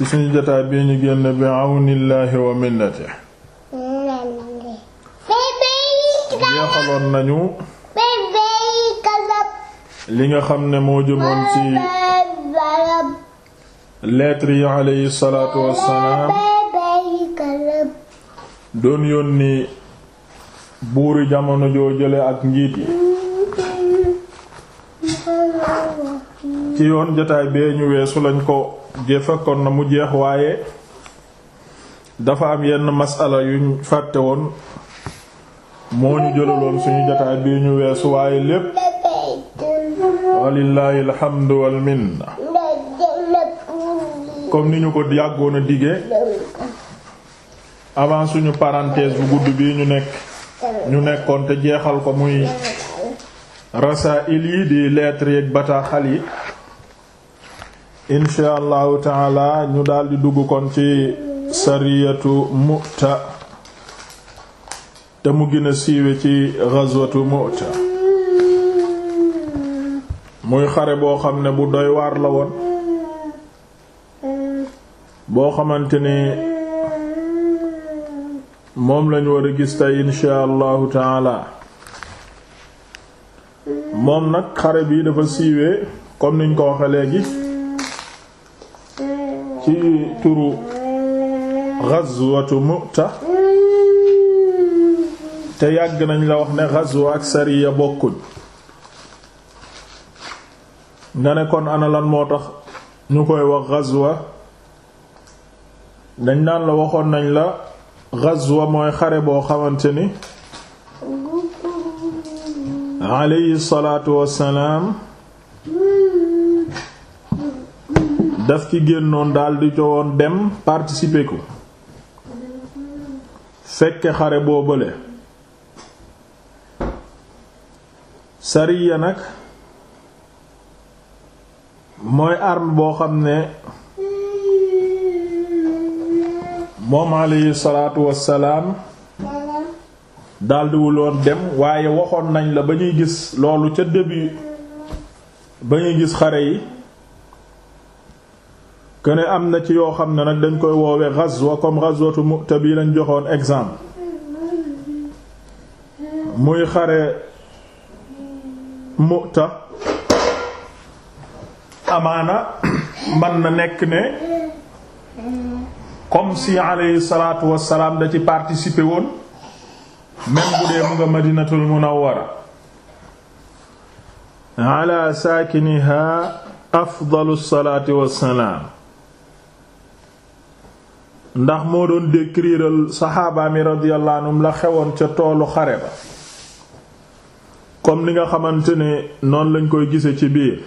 ci suñu jotaay bi ñu génn bi àwnillaahi wa minnati nañu li nga xam ne moo jëmoon ci lettre yi alayhi salaatu wassalaam doon yónni buuri jamono joo jële ak njiit yi ci yoon jotaay bee ñu weesu lañ ko jëfakkoon na mu jeex waaye dafa am yenn masala yuñ fàtte woon moo ñu jëlaloon suñu jotaay bii ñu weesu waaye lépp walillaahi alhamdu wal minna comme ni ñu ko yàggoon a digee avant suñu parenthèse bu gudd bii ñu nekk ñu nekkoon te jeexal ko muy rasaa'il yi di lettres yeek bataaxal yi insha allahu ñu daldi dugg kon ci sariyatu mu'ta te mu gina a siiwe ci ghazwatu mu'ta muy xare boo xam ne bu doy waar la woon boo xamante ne moom lañu war a gis tey insha allahu moom nag xare bi dafa siiwee comme niñ ko waxe léegi ci turu ghazwatu Mu'ta te yàgg nañ la wax ne ghazwa ak sariya bokkuñ nga ne kon ana moo tax ñu koy wax ghazwa dañ naan la waxoon nañ la ghazwa mooy xare boo xawante ni alayhi salaatu wassalaam daf ci génnoon daldi jowoon dem participer ku fekke xare boobale sariya nag mooy arme boo xam ne moom alayhi salaatu wassalaam daldiwuloon dem waaye waxoon nañ la ba ñuy gis loolu ca début ba ñuy gis xare yi kene am na ci yoo xam ne nag dañ koy woowe ghazwa comme ghazwatu Mu'ta bii lañ joxoon exemple muy xare Mu'ta amaana man na nekk ne comme si alayhi salaatu wassalaam da ci participer woon même bu dee mu nga Madinatul Munawwara ala saakiniha afdalu salaati wassalaam ndax moo doon décriiral saxaaba mi radiyallahu la xewoon ca toolu xare ba comme li nga xamante ne noonu lañ koy gisee ci biir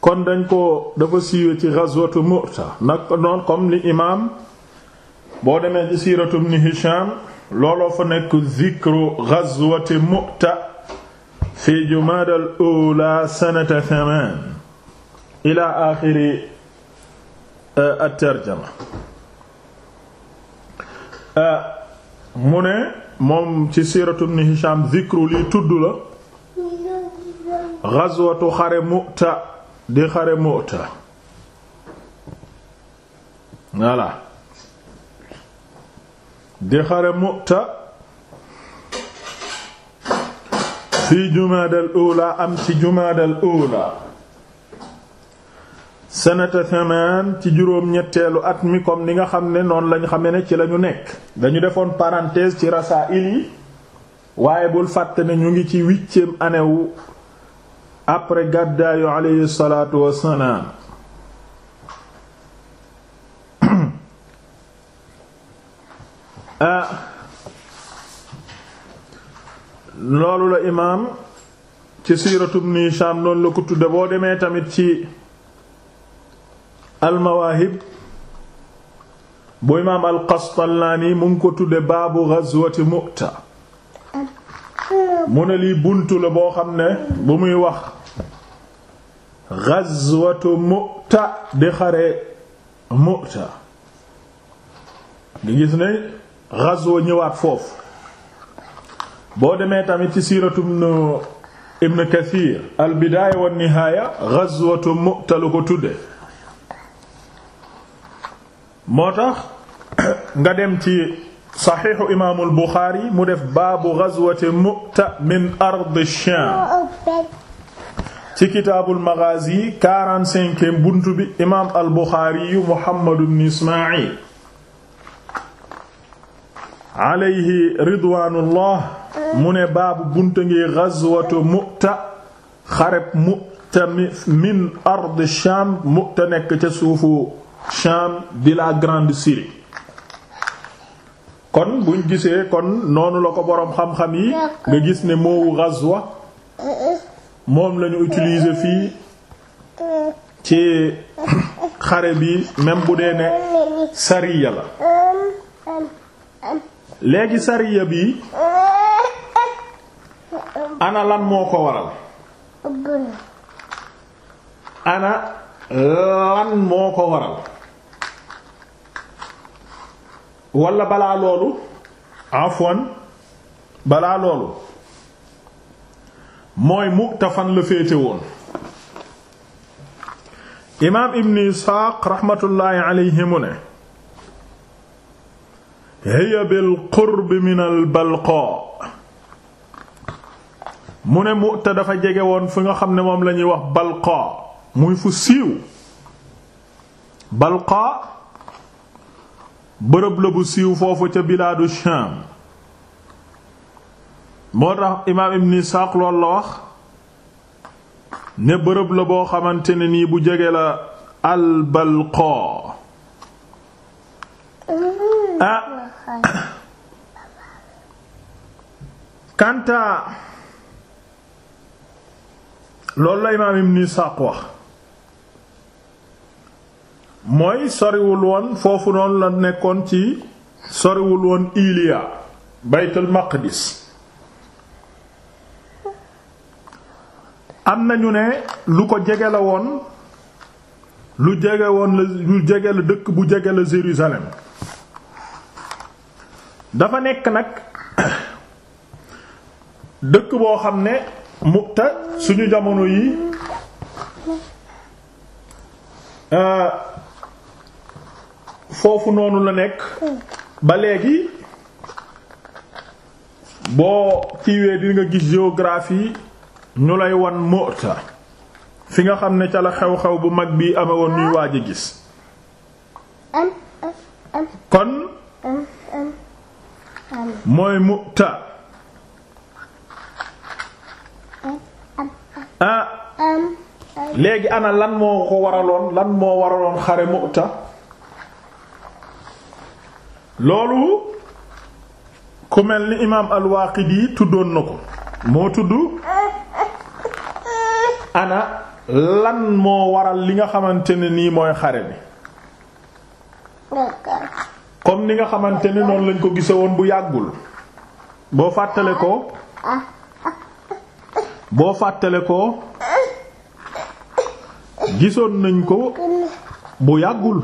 kon dañ ko dafa siiwe ci ghazwatu Mu'ta nag noon comme ni imaam boo demee ci siiratu Ibn Hisham looloo fa nekk zikru ghazwati Mu'ta fi Jumaada al-ula sanata thaman ila axiri Euh, at-tarjama euh, mu ne moom ci siiratu ibn Hisham lii tudd la ghazwatu xare Mu'ta di xare Mu'ta voilà di xare Mu'ta fi Jumaadal uula am ci Jumaadal uula sanata thaman ci juróom ñetteelu at mi comme ni nga xam ne noonu lañ xame ne ci lañu nekk dañu defoon parenthèse ci rasaa'il yi waaye bul fàtte ne ñu ngi ci huitième année wu après gàddaayu alayhi salaatu wassalaam ah, loolu la imaam ci siiratu Ibn Hishaam noonu la ko tudde boo demee tamit ci almawaahib bu naa ni mu ngi ko tuddee baabu ghazwati mu'ta mu ne lii buntu la boo xam ne bu muy wax ghazwatu mu'ta di xare mu'ta di gis ne ghazwa ñëwaat foofu boo demee tamit ci siiratu ibn kathir al bidaaya wan nihaaya ghazwatu mu'ta lu ko tudde moo tax nga dem ci saxiixu imaamul Buxaari mu def baabu gazwati Mu'ta min ardi Shaam ci kitaabul Maghaazi quarante-cinquième buntu bi imaam al Buxaari mu ne baabu buntu ngi gazwatu Mu'ta min ardi Shaam nekk ca suufu Sham di la grande Syrie kon buñ gisee kon noonu la ko boroom xam-xam yi nga gis ne moowu ghazwa moom lañu utiliser fii ci xare bi même bu dee ne sariya la léegi sariya bi ana lan moo ko waral ana lan moo ko waral walla balaa loolu afwan balaa loolu mooy muktafan la féete woon imaam ibn isxaaq raxmatullaahi alayhi mu ne hiya bil qurb min al balqa mu ne mu'ta dafa jege woon fi nga xam ne moom lañuy wax balqa muy fu siiw balqa bërëb la bu siiw foofu ca bilaadu Shaam moo tax imaam Ibn Isaaq loolu la wax ne bërëb la boo xamante ne nii bu jege la albalqoo ah kanta loolu la imaam Ibn Isaaq wax mooy soriwul woon foofu noonu la nekkoon ci soriwul woon Iliya baytul maqdis am nañu ne lu ko jege la woon lu jege woon la dëkk bu jege la Jérusalem dafa nekk nag dëkk boo xam ne mu te suñu jamono yi euh foofu noonu la nekk ba léegi boo kiiwee di nga gis géographie ñu lay wan Mu'ta fi nga xam ne ca la xew-xew bu mag bi amewoon woon ñuy waaj gis kon mooy Mu'ta ah léegi ana lan moo ko waraloon lan moo waraloon xare Mu'ta loolu ku mel ni imaam al-Waaqidi tuddoon na ko moo tudd ana lan moo waral li nga xamante ne nii mooy xare bi comme ni nga xamante ne noonu lañ ko gise woon bu yàggul boo fàttale ko boo fàttale ko gisoon nañ ko bu yàggul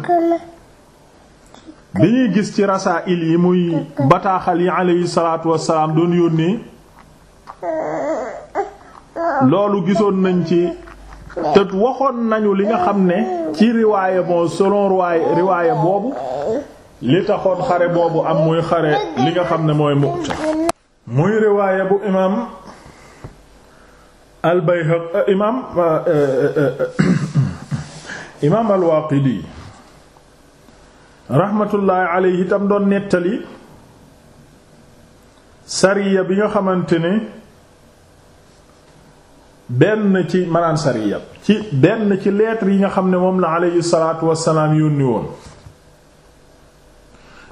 bi ñuy gis ci rasaa'il yi muy bataaxal yi aleyhi salaatu wassalaam doon yónnee loolu gisoon nañ ci te waxoon nañu li nga xam ne ci riwaaye moo selon riwaaye boobu li taxoon xare boobu am muy xare li nga xam ne mooy Mu'ta muy riwaaye bu imaam al imaam euh, euh, euh, imaam raxmatullaahi alayhi itam doon nettali sariya bi nga xamante ne benn ci manaan sariya ci benn ci lettre yi nga xam ne moom la alayhi salaatu wassalaam yónni woon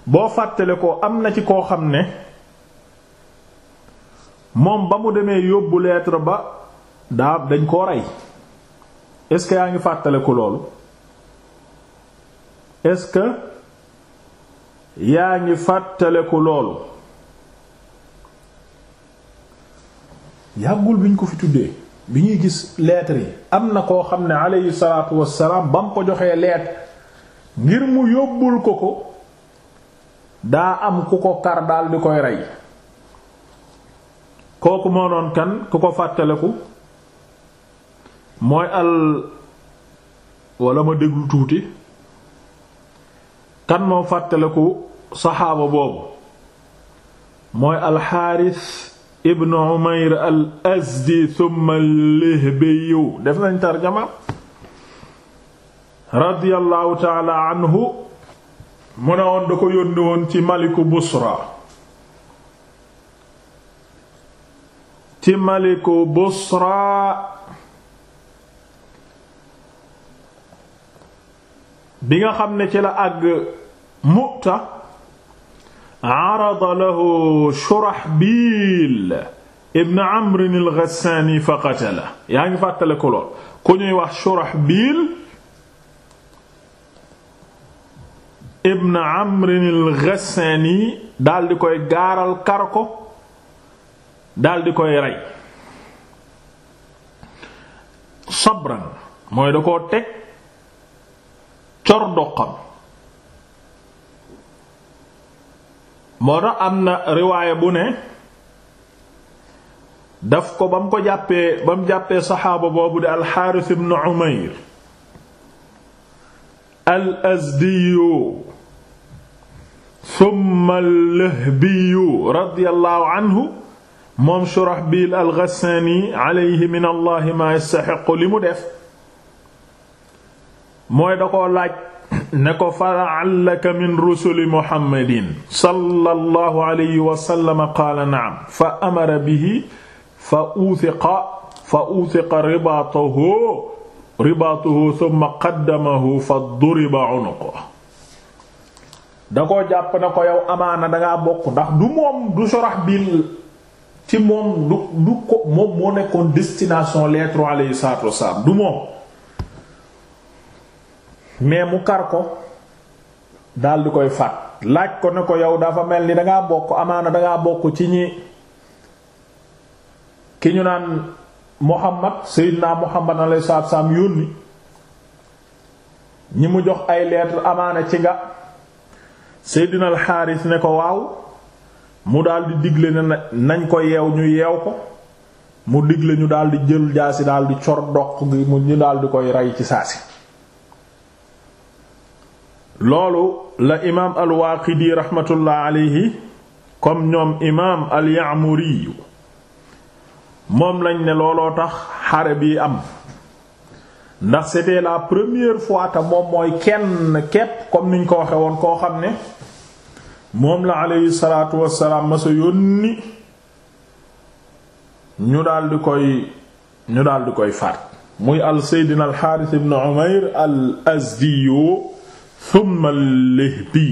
boo fàttale ko am na ci koo xam ne moom ba mu demee yóbbu lettre ba daa dañ koo rey est-ce yaa ngi fàttale ko loolu est-ce yaa ngi fàttaleku loolu yàggul bi ñu ko fi tuddee bi ñuy gis lettre yi am na koo xam ne aleyhi salaatu wassalaam ba mu ko joxee lettre ngir mu yóbbul ko ko daa am ku ko kar dal di koy rey kooku moo doon kan ku ko fàttaleku mooy al wala ma déglu tuuti kan moo fàttaleku saxaaba boobu mooy alxaaris ibn umayr al azdi thumma lihbiyu def nañ tarjama radiyallahu taala anhu mu ne woon da ko yónni woon ci maliku busra ci maliku busra bi nga xam ne ci la àgg mu'ta arada lahu Shurahbil ibn Amr al-Ghassani fa qatala yaa ngi fàttale ko lool ku ñuy wax Shurahbil ibn Amr al-Ghassani daal di koy gaaral kar ko daal di koy rey sabran mooy da koo teg cor doqam moo tax am na riwaaya bu ne daf ko ba mu ko jàppee ba mu jàppee saxaaba boobu di alxaaris ibn umayr al azdiyu thumma al-lahbiyu radiyallahu anhu moom Shurahbil al-Ghassani alayhi min allahi ma yastaxiqu li mu def mooy da ko laaj ne ko fala'allaka min rusuli muhammadin sallallahu alayhi wa sallam qaala fa amara bihi fa uthiqa fa uthiqa ribaatahu ribaatuhu fa duriba unuquhu da koo jàpp na ko yow amaana dangaa bokk ndax du moom du Surahbil ci moom du moom moo nekkoon destination lettre alayhi salaatu wasalaam du moom mais mu kar ko daal koy faat laaj ko ne ko yow dafa mel ni danga bokk amaana dangaa bokk ci ñi ki ñu naan Muhammad Seydina Muhammad alayhi salaatu wasallam yónni ñi mu jox ay lettre amaana ci nga Seydina al Xaaris ne ko waaw mu daldi di digle na nañ ko yeew ñu yeew ko mu digle ñu daal di jël jaasi daal di cor doq gi mu ñu daal di koy rey ci saa si loolu la imaam al-Waaqidi raxmatullah alayhi comme ñoom imaam al-Ya'muri moom lañ ne looloo tax xare bi am ndax c'était la première fois te moom mooy kenn niñ ko waxe woon koo xam ne moom la aleyhi salaatu wassalaam ma sa yónni ñu daldi koy ñu daldi koy faat muy al seydina al Xaaris ibn Umayr al Azdiyu thumma al-Lihbi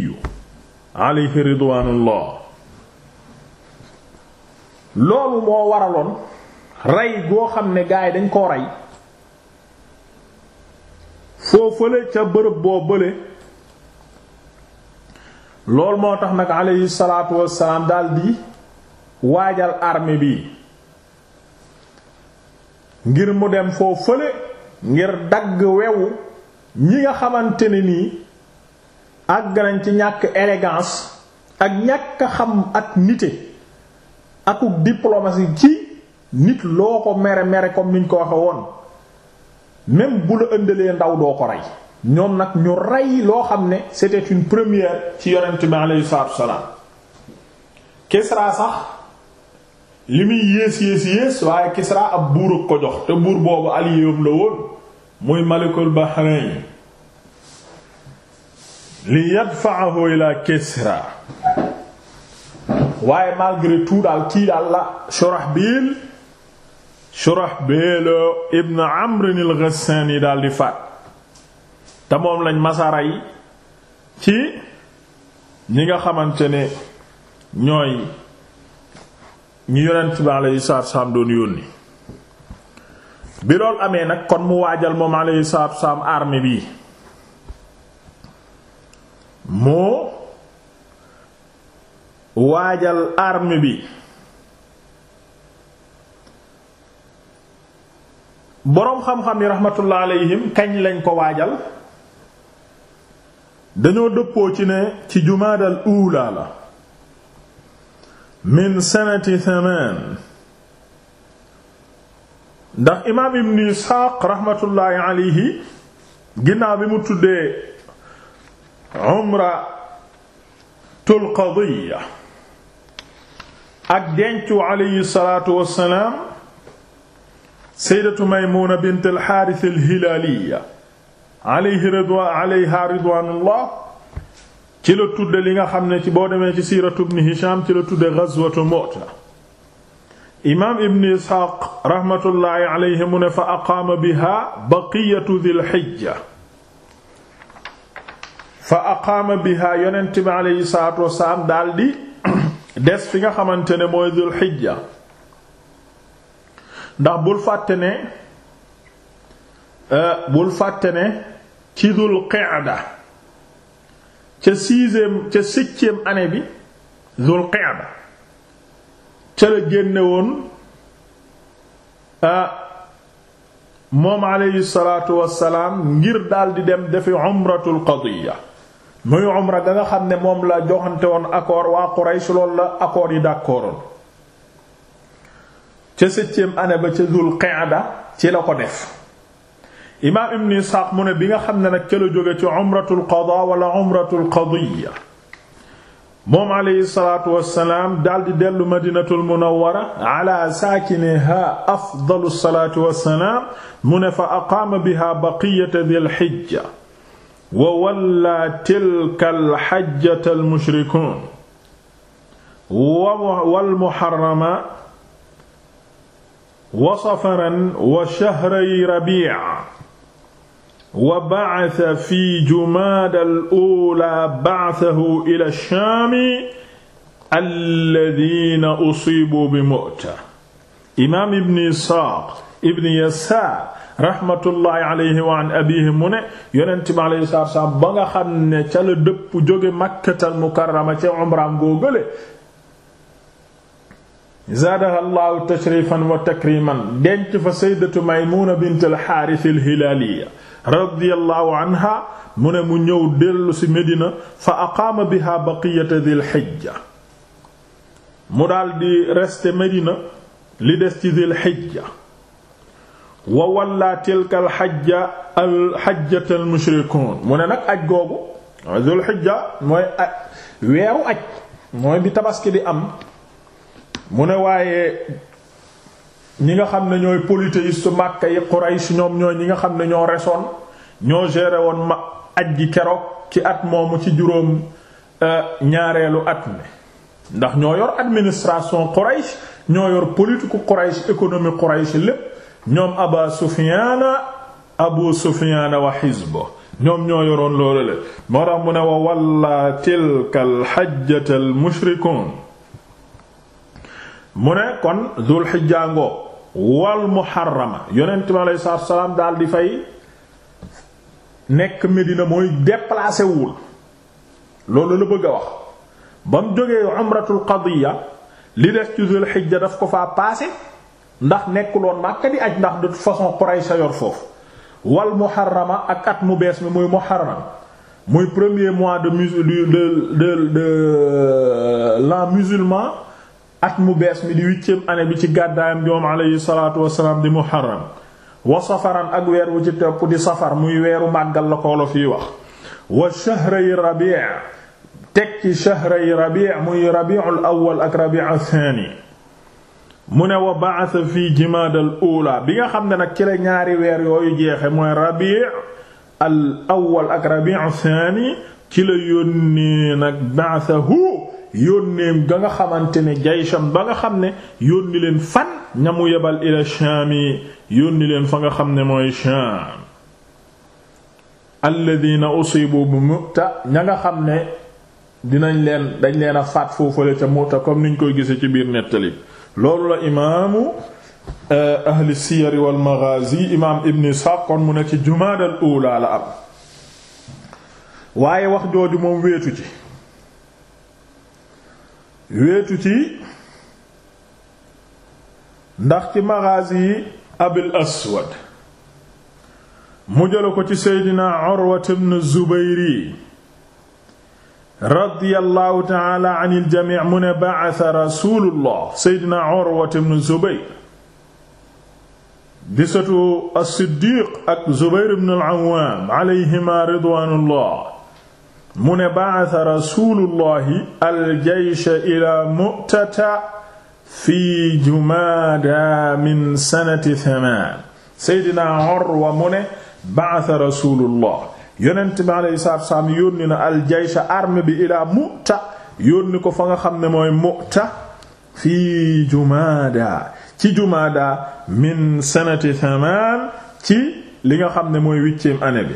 alayhi loolu moo waraloon rey goo xam ne gaa yi dañ koo rey foofale ca bërëb boo bële loolu moo tax nag alayhi salaatu wassalaam daldi waajal armée bi ngir mu dem foofale ngir dagg wewu ñi nga xamante ne nii àgg nañ ci ñàkk élégance ak ñàkk a xam ak nite akuk diplomatie ci nit loo ko mere mere comme niñ ko waxe woon même bu la ëndalee ndaw doo ko rey ñoom nag ñu rey loo xam ne c'était une première ci yonent bi aleyhi salaatu wasalaam sax li muy yées yées yées waaye Kisra ab buur ko jox te buur boobu allié am la woon muy Malikul Bahrain li yadfa'ahu ila Kisra waaye malgré tout daal kii daal la Shurahbil Shurahbil ibn Amr al-Ghassani yi daal di faat te moom lañ masara yi ci ñi nga xamante ne ñooy ñu yonent bi alayhi salaatu salaam doon yónni bi loolu amee nag kon mu waajal moom alayhi salaatu sam armée bii moo waajal arme bi boroom xam-xam yi rahmatullah alayhim kañ lañ ko waajal dañoo dëppoo ci ne ci jumaadal uulaa la min sanati thaman ndax imaam ibn isxaaq rahmatullaahi alayhi ginnaaw bi mu tuddee umratul qadiya ak dencu alayhi salaatu wassalaam sayyidatu maymuna bint alxaaris alhilaaliya alayhi ridwaan alayha ridwaanullah ci la tudde li nga xam ne ci boo demee ci siiratu ibn hisham ci la tudde ghazwatu mu'ta imaam ibn isxaaq raxmatullaahi alayhi mu ne fa aqaama biha baqiyatu dhil hijja fa aqaama biha yonent bi aleyhi salaatu wasalaam daldi des fi nga xamante ne mooy dul xijja ndax bul fàtte ne euh, bul fàtte ne ci dul qa'da ca sixième ca septième année bi dul qa'da ca la génne woon euh, moom aleyhi ngir wasalaam di daldi dem defi umratul qadiya muy umra ga nga xam ne moom la joxante woon accord waa Quraysh loolu la accord yi d'accordoon ca septième année ba ca Dul Qa'da ci la ko def imaam Ibn Isxaaq mu ne bi nga xam ne nag ca la jóge ci umratul qadaa wala umratul qadiyya moom alayhi salaatu wassalaam daldi dellu madinatul munawwara ala saakiniha afdalu salaatu wassalaam mu ne fa aqaama biha baqiyata dhil hijja wa wallaa tilka alxajjata almushrikuun walmuharrama wa safaran wa shahray rabiica wa bacasa fi jumaada al-uulaa bacasahu ila shaami alladiina usiibuu bi mu'ta imaam ibn Isxaaq ibn Yasaar rahmatullahi alayhi wa an mu ne yonent ba nga xam ne ca dëpp jóge makkatal mukarrama ca umraam goo gële zaadaha llahu tashrifan wa takriman denc fa saydatu maymuna bint alxaaris alhilaaliya radiyallahu anha mu ne mu ñëw dellu ci Medina fa aqaama biha baqiyata dil xijja mu daldi rester Medina li des ci dil xijja wa walla tilka alxajja alxajjata almushrikuun mu ne nag aj googu zul xijja mooy aj weeru aj mooy bi tabaski di am mu ne waaye ñi nga xam ne ñooy polythéistes su Makka yi si ñoom ñooy ñi nga xam ne ñoo resoon ñoo géré woon ma aj gi keroog ci at moomu ci juróom euh, ñaareelu at mi ndax ñoo yor administration Quraysh ñoo yor politique Quraysh économie Quraysh lépp ñoom aba sufiana abu sufiana wa xisbo ñoom ñoo yoroon loolu le moo tax mu ne wa walla tilka alxajjata almushrikuun mu ne kon dul xijjaangoo wal muharrama yonent mi aleyhi salaatu wa salaam daal di fay nekk Medina mooy déplacé wul loolu la bëgg a wax ba mu jógee umratul qadiya li des ci dul xijja daf ko faa paase ndax nekkuloon Makka di aj ndax de toute façon Quraysh sa yor foofu wal muharrama ak at mu bees mi muy muharram muy premier mois de mus de de de l'an musulman at mu bees mi di huitième année bi ci gàddaayam joom alayhi salaatu wassalaam di muharram wa safaran ak weer wu ci topp di safar muy weeru màggal la koolo fii wax wa shahray rabi' teg ci shahray rabi' muy rabi'ul awwal ak rabi'ul thani mu ne wa ba'atha fii jimaadal ula bi nga xam ne nag ci la ñaari weer yooyu jeexe mooy rabi' al awwal ak rabi' thani ci la yónnee nag ba'athahu yónneem ga nga xamante ne jaysham ba nga xam ne yónni leen fan ñamu yebal ila shaami yónni leen fa nga xam ne mooy shaam na usibu bu muta ña nga xam ne dinañ leen dañ leen a faat foofale ca muta comme ñu koy gisee ci biir nettali loolu la imaamu eh, ahli siyar wal maghazi imaam ibn Isxaaq kon mu ne ci jumaadal uulaa la am waaye wax jooju moom wéetu ci ndax ci maghazi abil aswad mu jëla ko ci seydina Urwa ibn Zubayri radiyallahu taala an iljamic mu ne bacata rasulullah seydina urwata bnu zubair di satu as-siddiq ak zubair bnu al-awwaam alayhima ridwanullah mu ne bacata rasulullahi aljeysh ila mu'tata fi jumaada min sanati thamaan seydina urwa mu ne bacata rasulullah yonent bi alayhi salaatu wassalaam yónni na aljaysha armée bi ilaa Mu'ta yónni ko fa nga xam ne mooy Mu'ta fii jumaada ci jumaada min sanati thaman ci li nga xam ne mooy huitième année bi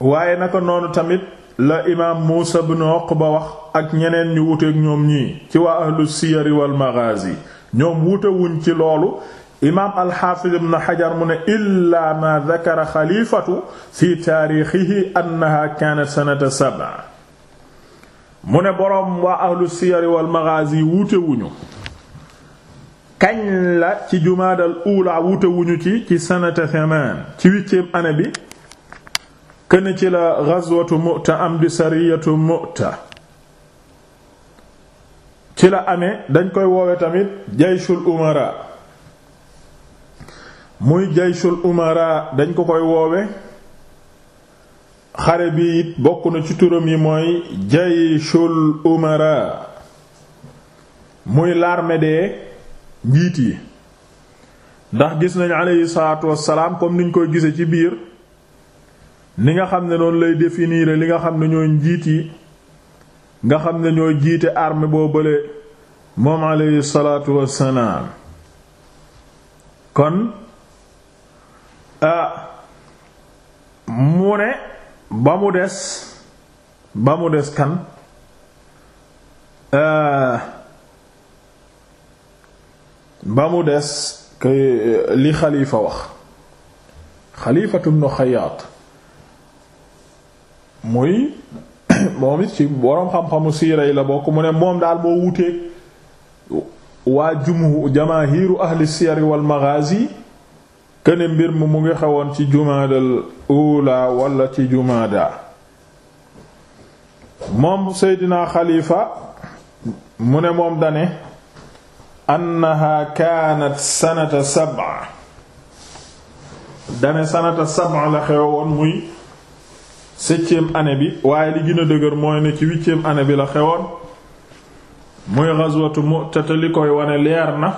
waaye naka noonu tamit la imaam Muusa ibn ba wax ak ñeneen ñu wuteek ñoom ñii ci waa ahlu siyari wal maghazi ñoom wutewuñ ci loolu imaam alxaafiz ibn xajar mu ne illa ma dakara xalifatu fi taarixihi annaha kaanat sanata sab'a mu ne boroom waa ahlu siyari wal magaazi wuutewuñu kañ la ci jumaadal uulaa wuutewuñu ci ci sanata thamaan ci huitième année bi kën ci la gazwatu mu'ta am di sariyatu mu'ta ci la amee dañ koy woowe tamit jayshul umara muy jayshul umara dañ ko koy woowe xare bi it bokk na ci turam yi mooy jayshul umara muy l'armée des njiit yi ndax gis nañu aleyhi salaatu wassalaam comme niñ koy gise ci biir ni nga xam ne noonu lay définir li nga xam ne ñoo njiit yi nga xam ne ñoo jiite armée boo bële moom aleyhi salaatu wassalaam kon Ah, mu ne ba mu des ba mu des kan ah, ba mu des eh, li xalifa wax xalifatu ibn Xayyaat muy moom it ci boroom xam-xamu siira la bokk mu ne moom daal boo wutee waa jumhu jamaahiru ahli siyar wal maghaazi këne mbir mi mu ngi xewoon ci jumaadal ula wala ci jumaada moom seydina xalifa mu ne moom dane annaha kaanat sanata sab'a dane sanata sab'a la xewoon muy septième année bi waaye li gën dëgër mooy ne ci huitième année la xewoon muy ghazwatu Mu'tata li koy wane leer na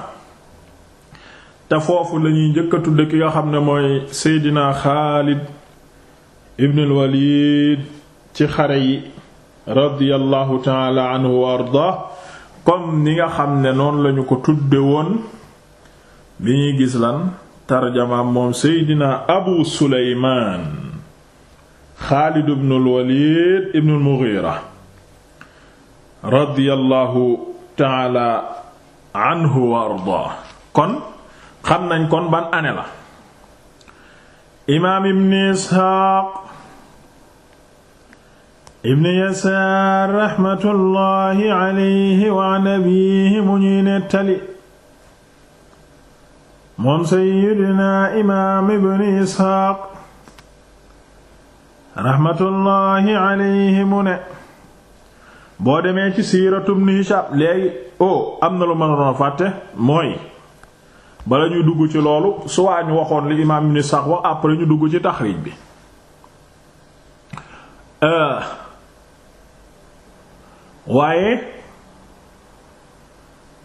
te foofu lañuy njëkk a tudd ki nga xam ne mooy seydina xaalid ibnul walid ci xare yi radiyallahu taala anhu wa arda comme ni nga xam ne noonu lañu ko tudde woon bi ñuy gis lan tarjamaam moom seydina abu suleymaan xaalid ibnul walid ibnul mughira radiyallahu taala anhu wa arda kon xam nañ kon ban année la imaam ibn isxaaq ibn yasaar raxmatullaahi wa an mu ñuy nettali moom sayyidina imaam ibn isxaaq raxmatullaahi alayhi mu ne boo demee ci siiratu ibn hishaam léegi o oh, am na lu mën a fàtte mooy bala ñuy dugg ci loolu suwaa ñu waxoon li imaam ibn Sa'd wax après ñu dugg ci taxriij bi euh, waaye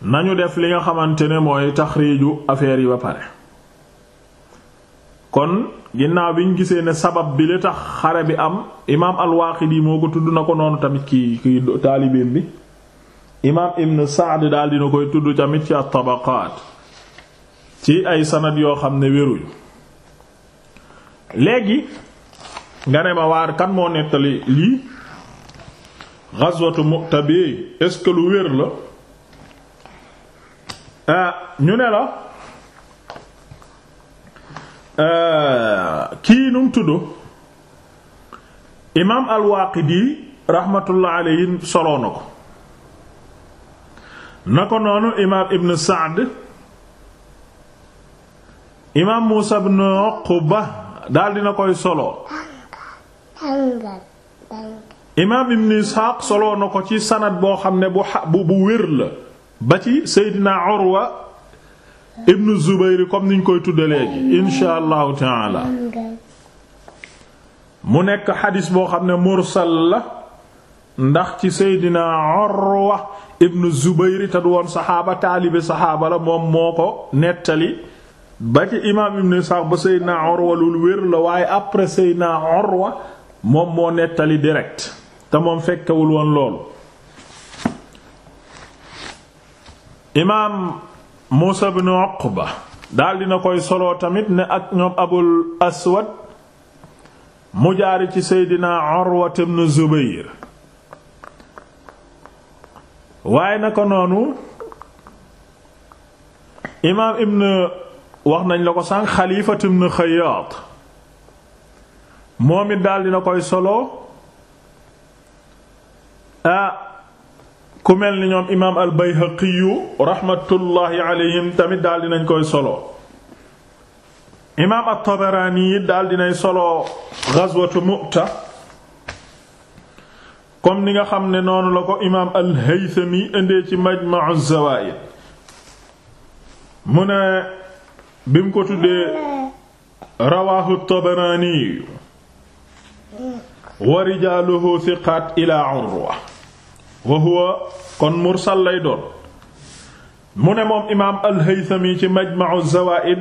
nañu def li nga xamante ne mooy taxriiju affaire yi ba pare kon ginnaaw bi ñu gisee ne sabab bi li tax xare bi am imaam al-Waaqidi moo ko tudd na ko noonu tamit ki ki taalibeem bi imaam ibn di daal dina koy tudd tamit ci at-Tabaqaat ci ay sanad yoo xam ne wéruñu léegi nga ne ma waar kan moo nettali lii ghazwatu Mu'ta bi est wér la euh, ñu ne la euh, kii num tudd imaam al-Waaqidi rahmatullah alayhi soloo na ko na ko noonu imaam Ibn Sa'd imaam Muusa ibn ba daldi na koy solo imaam Ibn Isxaaq solo na ko ci sanad boo xam ne bu xa bu bu wér la ba ci Seydina Urwa ibn Zubayr comme niñ koy tudde léegi insha allahu taala mu nekk xadis boo xam ne mursal la ndax ci Seydina Urwa ibn Zubayr te du woon saxaaba taalibe saxaaba la moom moo ko nettali ba ci imaam ibn Isaaq ba Seydina Urwa wér la waaye après Seydina Urwa moom moo nettali direct te moom fekkewul woon loolu imaam Muusa ibn Uqba daal dina koy solo tamit ne ak Abul Aswad mu jaari ci Seydina Urwa ibn Zubayr waaye naka noonu imaam ibn wax nañ la ko sànq xalifatu ibn Xayyaat moom it daal dina koy solo ah ku mel ni ñoom imaam al Bayhaqi rahmatullahi alayhim tamit daal dinañ koy solo imaam at-Tabarani it daal solo ghazwatu Mu'ta comme ni nga xam ne noonu la ko imaam al Haythami indee ci Majma'u az-Zawaa'id mu ne bi ko tuddee rawaahu Tabarani wa rijaaluhu thiqaat ilaa Urwa wa huwa kon mursal lay doon mu ne moom imaam al-Haythami ci Majma'u Zawaa'id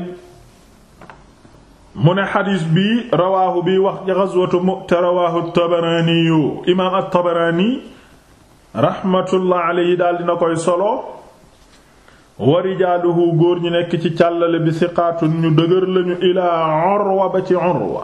mu ne xadiis bi rawaahu bi wax ci ghazwatu Mu'ta rawaahu Tabarani imaam at-Tabarani raxmatullah alayhi daal dina koy solo wa rijaaluhu góor ñi nekk ci càllale bi siqaatun ñu dëgër lañu ilaa Urwa ba ci Urwa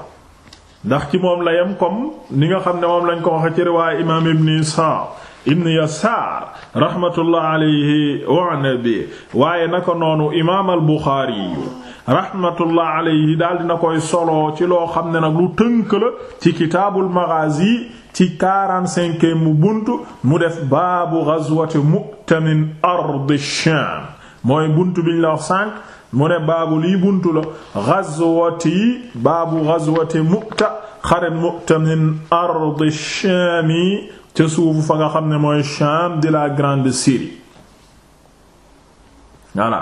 ndax ci moom la yem comme ni nga xam ne moom lañ ko waxe ci riwaaya imaam ibn Isaaq ibn Yasaar rahmatullah alayhi wa nabi waaye naka noonu imaam al Buxaari rahmatullah daal dina koy solo ci loo xam ne nag lu tënk la ci kitaabul maghaazi ci 45 mu bunt mu def baabu ghazwati Mu'tamin ardi Shaam mooy buntu biñ la wax sànq mu ne baabu lii buntu la ghazwati baabu ghazwati Mu'ta xare Mu'ta min ardi Shaam ca suufu fa nga xam ne mooy Shaam de la grande Syrie voilà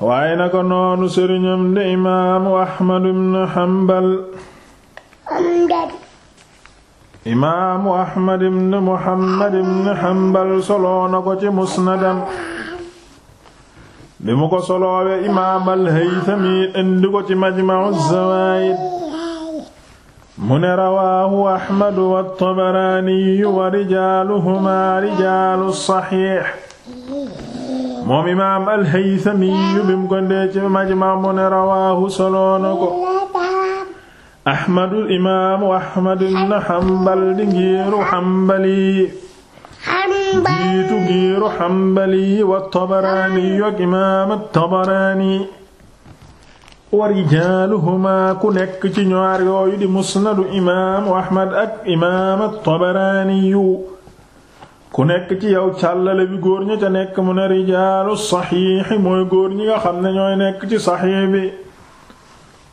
waaye naka noonu sëriñam de imaamu Ahmad ibn Hanbal imaamu ahmad ibn muhammad ibn hanbal soloo na ko ci musnadam bi mu ko soloowe imaam al-haythami indi ko ci majma'u zawaid mu ne rawaahu ahmad wa at-tabarani wa rijaaluhuma rijaalu as-sahih moom imaam al-haythami bi mu ko ndee ci majma' mu ne rawaahu soloo na ko ahmadu imaamu ahmad ibn hanbal di ngiiru wa tabaraani ak imaam tabaraani wa rijaaluhumaa ku nekk ci ñaar yooyu di musnadu imaamu ahmad ak imaam tabaraani ku nekk ci yow càllale bi góor ñi ca nekk mu ne rijaalu saxiixi mooy góor ñi nga xam ñooy nekk ci saxiix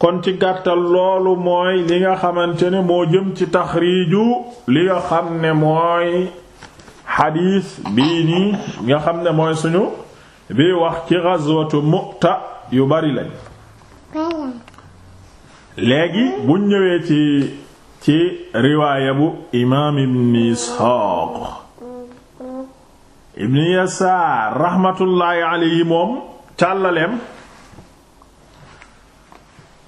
kon ci gàttal loolu mooy li nga xamante ne moo jëm ci taxriiju li nga xam ne mooy xadiis bii nii nga xam ne mooy suñu bi wax ci gazwatu Mu'ta yu bari lañ léegi bu ñëwee ci ci riwaaya bu imaam Ibn Isxaaq Ibn Yasaar raxmatullaahi alayhi moom càllaleem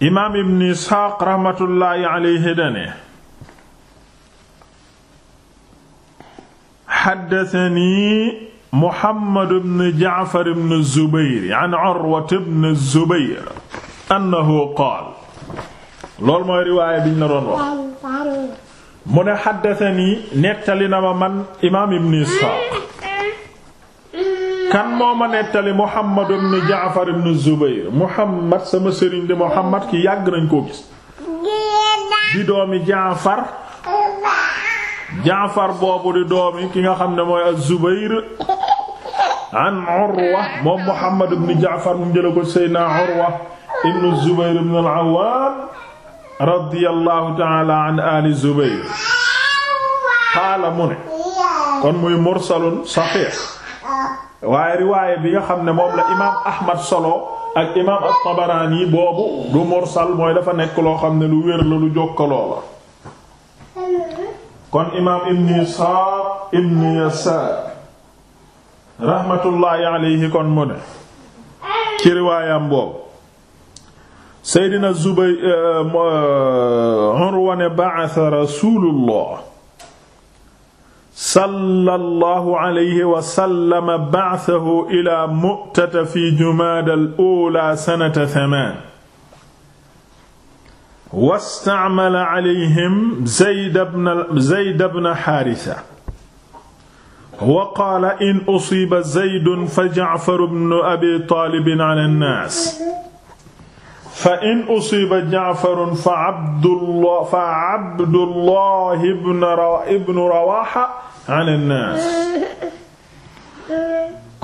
imaam ibn isxaaq raxmatullaahi alayhi dane xaddasanii muhammad ibn jaafar ibn zubayr an urwat ibn zubayr annahu qaal loolu mooy riwaaya biñ la doon wax mu ne xaddasanii nettali na ma man imaam ibn isxaaq kan moo ma nettali Muhammad ibn Jaafar ibn Zubayr Muhammad sama sëriñ di Muhammad ki yàgg nañ koo gis di doomi Jaafar Jaafar boobu di doomi ki nga xam ne mooy az-Zubayr moom Muhammad ibn Jaafar mu jëla ko Seydina Urwa ibn Zubayr ibn al-Awwam radiyallahu ta'ala ali Zubayr qaala mu ne kon muy mursalun sahih waaye riwaayé bi nga xam ne moom la imaam Ahmad solo ak imaam at boobu du mursal mooy dafa nekk loo xam ne lu wér la lu jokkaloo la. kon imaam Ibn Isxaaq Ibn Yasaar rahmatullahi alayhi kon mu ne ci riwaayam boobu. Seydina Zubayr euh, euh, Urwa wone ba'atha Rasuulullah sallallahu alayhi wa sallam ba'athahu ila Mu'tata fi Jumaada al-uulaa sanata thamaan wasta'mala alayhim Zayd ibn Zayd ibn Haaritha wa qaala in usiiba Zaydun fa Ja'far ibn Abi Taalib ala an-naas fa in usiba jaafarun fa abdullah fa abdullah ibnu rawaxa an annaas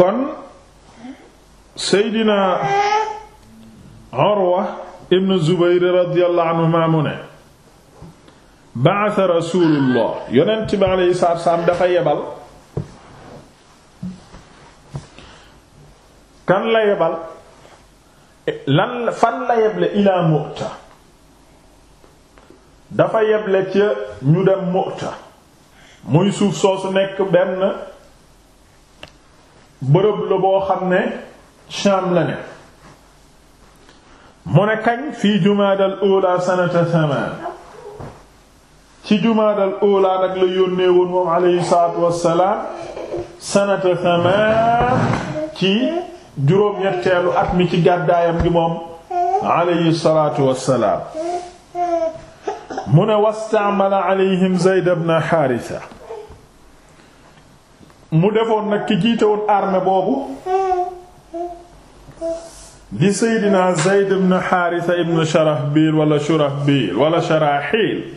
kon seydina urwa ibnu zubayr radiyallahu anhuma mu ne ba'atha rasulullah yonent bi alayhi salaatu salaam dafa yebal kan la yebal lan fan la yeble ilaa Mu'ta dafa yeble ca ñu dem Mu'ta muy suuf soosu nekk benn bërëb la boo xam ne Sham la ne mu ne kañ fii jumaadal ula sanata samaan ci jumaadal ula nag la yónnee woon moom aleyhi salaatu wassalaam sanata samaan ci juróom-ñetteelu at mi ci gàddaayam gi moom alayhi salaatu wassalaam mu ne wastaamala alayhim Zayd ibn Haarisa mu defoon na ki jiite woon armée boobu di Seydina Zayd ibn Haarisa ibn Shurahbil wala Shurahbil wala Sharaxil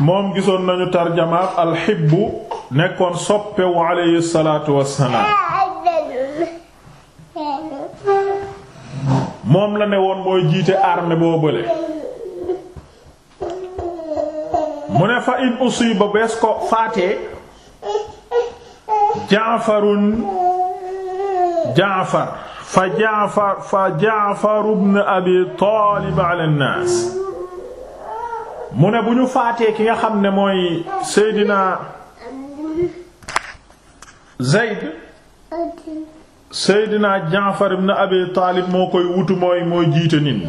moom gisoon nañu tarjamaam alxibbu nekkoon soppewu aleyhi salaatu wassalaam moom la ne woon mooy jiite armée boo bële mu ne fa in usiba bees ko faatee jaafarun jaafar fa jaafar fa jaafaru mu ne bu ñu faatee ki nga xam ne mooy Seydina Zayd Seydina Jaafar ibn Abi Taalib moo koy wutu mooy mooy jiite nit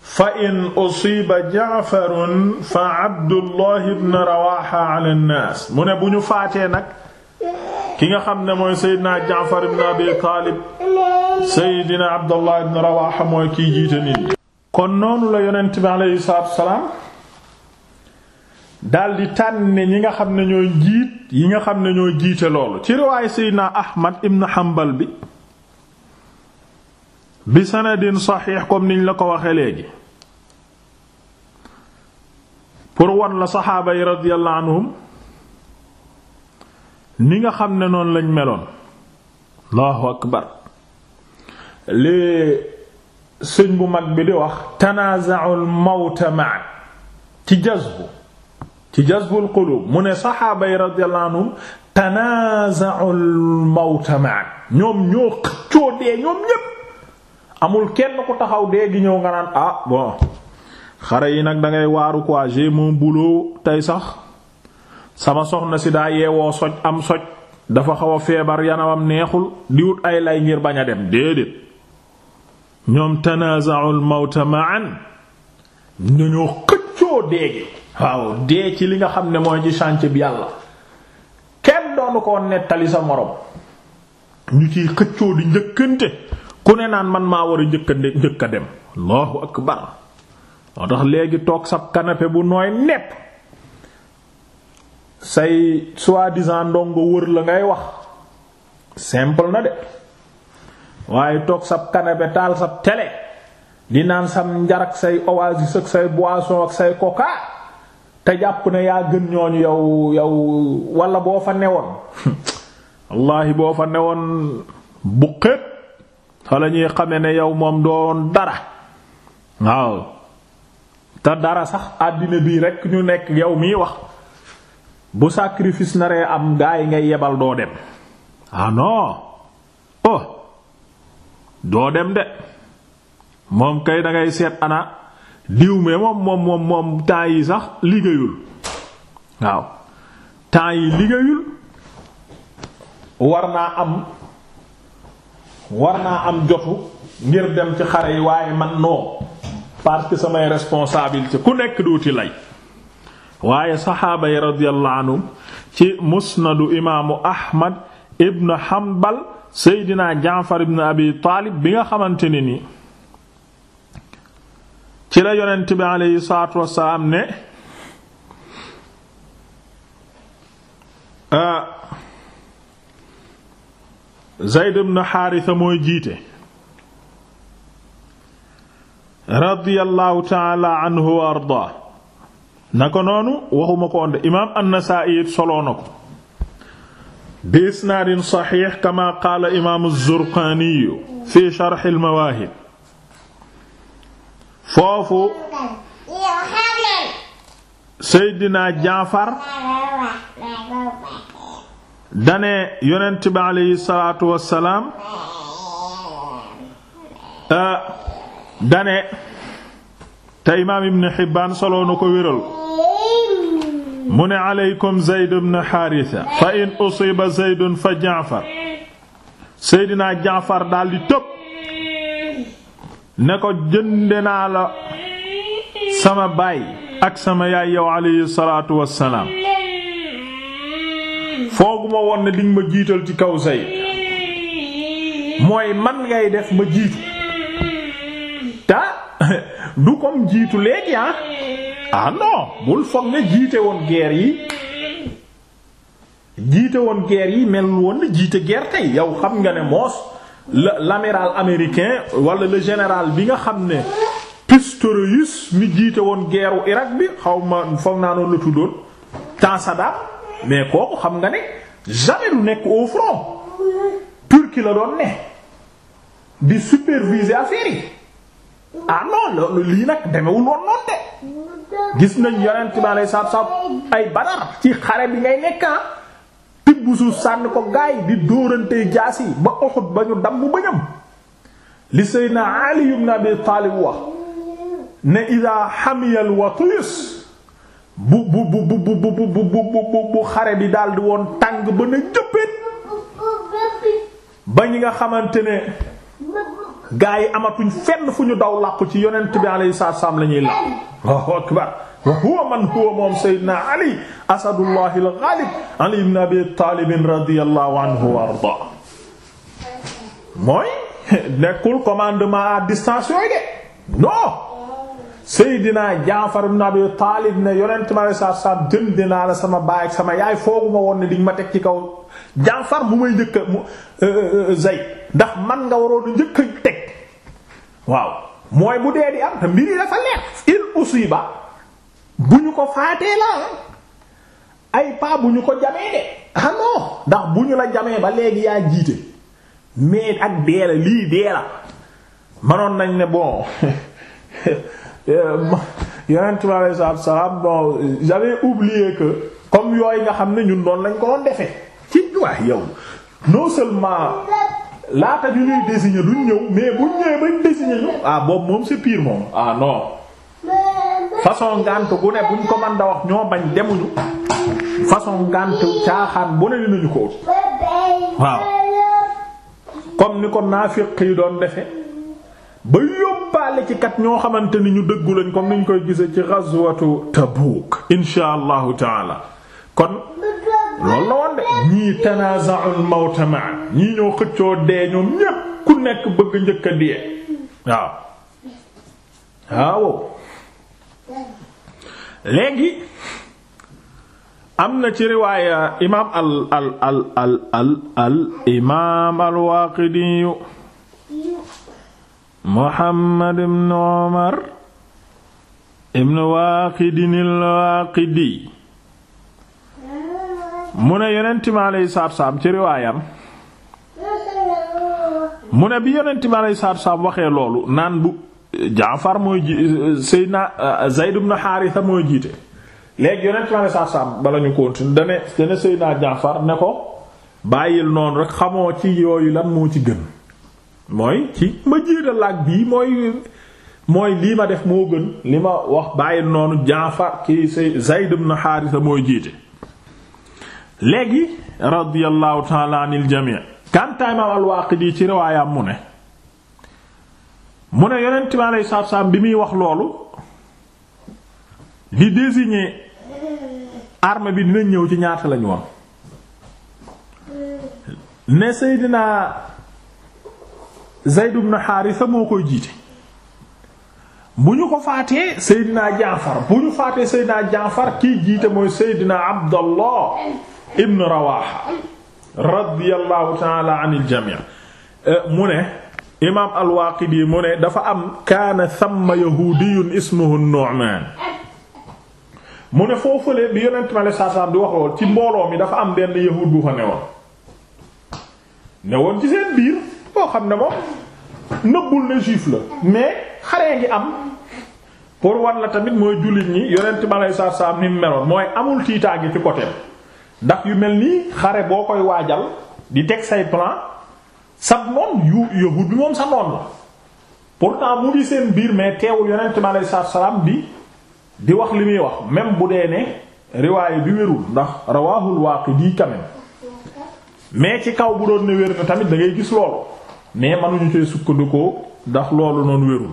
fa in usiba Jaafarun fa Abdullah ibn Rawaha ala nnaas mu ne bu ñu faatee nag ki nga xam ne mooy Seydina Jaafar ibn Abi Taalib Seydina Abdullah ibn Rawaha mooy kiy jiite nit kon noonu la yonent bi aleyhi salaatu wasalaam daldi tànn ñi nga xam ne ñooy njiit yi nga xam ne ñooy jiite loolu ci riwaay seydina ahmad ibn hanbal bi bi sanadin saxiix comme niñ la ko waxee léegi pour wan la saxaaba yi radiyallahu anhum ni nga xam ne noonu lañ meloon allahu akbar li sëñ bu mag bi di wax tanaaza'ul mawta ma ci jazbu ci jazbul qulub mu ne saxaaba yi radiyallahu ñoom ñoo amul kenn ku taxaw dee gi ñëw nga naan ah bon xare yi nag dangay waaru quoi j'ai mon tey sax sama soxna si daa yeewoo soj am soj dafa xaw a feebar yanamam neexul di wut ay lay ngir bañ a dem déedéet ñoom tanaaza'ul mawta ma'an dañoo xëccoo déegi waaw dee ci li nga xam ne mooy ci chantier bi yàlla kenn doonu ko nettali sa moroom ñu ciy xëccoo di njëkkante ku ne naan man maa war a njëkkande njëkk a dem allahu akbar moo tax léegi toog sab kanape bu nooy nepp say soi-disant ndongo wër la ngay wax simple na de waaye toog sab kanabe taal sab télé di naan sam njarak say oasis ak say boisson ak say coca te jàpp ne yaa gën ñooñu yow yow wala boo fa newoon wallaahi boo fa newoon buqeet fa la ñuy xame ne yow moom doon dara waaw te dara sax àddina bii rekk ñu nekk yow mi wax bu sacrifice naree am gaa yi ngay yebal doo dem ah doo dem de moom kay dangay seet ana diw me moom moom moom moom yi sax liggéeyul waaw temps yi liggéeyul war naa am war am jotu ngir dem ci xare yi waaye man non parce samay responsabilité ku nekk duuti lay waaye saxaaba yi radiyallahu anhum ci musnadu imaamu ahmad ibn hanbal seydina jaafar ibn abi taalib bi nga xamante ne ni ci la yonent bi aleyhi salaatu wasalaam ne ah, zeyd ibn xaarisa mooy jiite radiyallahu taala ardaa na ko noonu waxuma ko woon de imaam an-Nasaa'i solo ko bi isnaadin saxiix kama qaala imaamu Zurqaaniyu fi sharxi al-Mawaahib foofu Seydina Jaafar dane yonent bi aleyhi dane te imaam Ibn Hibbaan solo na ko wéral mu ne aleykum Zayd ibn Haarisa fa in usiba Zaydun fa Jaafar Seydina Jaafar daldi tëb ne ko jënde naa la sama baay ak sama yaay yow aleyhi salaatu wassalaam fooguma woon ne diñ ma jiital ci kaw Zayd mooy man ngay def ma jiitu ta du comme jiitu léegi ah ah bul foog ne jiite woon guerre yi jiite woon geer yi mel woon na jiite guerre tey yow xam nga ne moos la l'amiral américain wala le général bi nga xam ne Pistorius mi jiite woon guerre Irak bi xaw ma foog naa noonu la tuddoon temps Saddam mais kooku xam nga ne jamais du nekk au front Turquie la doon ne di superviser affaire yi ah loolu lii nag demewul woon noonu de. gis nañ yonent bi alei satu salam ay badar ci xare bi ngay nekk ah. tibb suuf sànn ko gaay di dóorantey jaas yi ba Uhud ba ñu damm bañam li Seydina Ali ibn Abi Talib wax ne ida hamiyal watis bu bu bu bu bu bu bu bu xare bi daldi woon tàng ba na jëppit ba ñi nga xamante ne gaa yi amatuñ fenn fu ñu daw làqu ci yonent bi alayhi salaam la ñuy làqu Allahu akbar wa huwa man huwa moom Seydina Ali asadullah al-ghalib Ali ibn Abi Talib radiyallahu anhu wa arda mooy nekkul commandement à distance yooyu de non Seydina Jaafar ibn Abi Talib ne yonent bi alayhi salaam jënd naa la sama baay ak sama yaay fooguma woon ne diñ ma teg ci kaw Jaafar bu may njëkk a mu euh, euh, Zayd ndax man nga waroon njëkk teg waaw mooy bu dee di am te mbir yi dafa leer il usiba bu ñu ko faatee la ah. ay pa bu ñu ko jamee de ah ndax bu ñu la jamee ba léegi yaa jiite mais ak dee la lii dee la manoon nañ ne bon yonent bi alei salatua salam bon j'avais oublié yooyu nga xam ne ñun doon nañ ko doon defee ci waay yow non seulement laata ñu ñuy désigner duñ ñëw mais buñ ñëwee bañ désigner ñu ah boobu moom c'est pire moom ah non façon ngànt bu ne buñ ko mën da wax ñoo bañ demuñu façon ngànt caaxaan bu ne dinañu ko waaw comme ni ko naafiq yi doon defe ba yóbbaale ci kat ñoo xamante ni ñu dëggu lañ comme niñ koy gisee ci ghazwatu Tabuk insha allahu taala kon loolu la ñii tanaaza'ul mawta ma ñii ñoo xëccoo dee ñoom ñépp ku nekk bëgg njëkk a dee waaw waaw léegi am na ci riwaaya imaam al al al al al imaam al Waaqidi Muhammad ibn Umar ibn Waaqidin al Waaqidi mu ne yonent mi alayhi salaatu salaam ci riwaayam mu ne bi yonent mi alayhi salaatu salaam waxee loolu naan bu Jaafar mooy ji Seydina euh, Zayd ibn Haarisa mooy jiite léegi yonent mi alayhi salaatu salaam bala ñu continuer dane dane Seydina Jaafar ne ko bàyyil noonu rek xamoo ci yooyu lan moo ci gën mooy ci ma jiital laag bii mooy mooy lii ma def moo gën li ma wax bàyyil noonu Jaafar ki Zayd na Haarisa mooy jiite léegi radiyallahu taala anil jamii kantaa imaam al ci riwaayam mu ne mu ne yonent mi alayhi salaatu bi muy wax loolu li désigner arme bi dina ñëw ci ñaata lañu woon ne Seydina Zayd ibn Haarisa moo koy jiite bu ñu ko faatee Seydina Jaafar bu ñu faatee Seydina Jaafar kiy jiite mooy Seydina Abdallah ibn Rawaha radiyallahu ta'ala anil jami' eh, mu ne imaam al-Waaqidi mu ne dafa am kaana thamma yahuudiyun ismuhu Nu'maan mu ne foofule bi yonent ma le saasaan wax lool ci mbooloo mi dafa am benn yahuud bu fa newoon newoon ci seen biir boo xam ne moom nëbbul ne juif la mais xaree ngi am pour war la tamit mooy jullit ñi yonent ma le saasaan mu meloon mooy amul tiitaange ci côté ndax yu mel nii xare boo koy waajal di teg say plan sab noon yu yahud bi moom sa noon la pourtant mu ngi seen biir mais teewul yonent mi aleyhi salaatu bi di wax li muy wax même bu dee ne riwaaye bi wérul ndax rawaahul Waaqidi quand même mais ci kaw bu doon ne wér na tamit da ngay gis loolu mais mënuñu cee sukkandikoo ndax loolu noonu wérul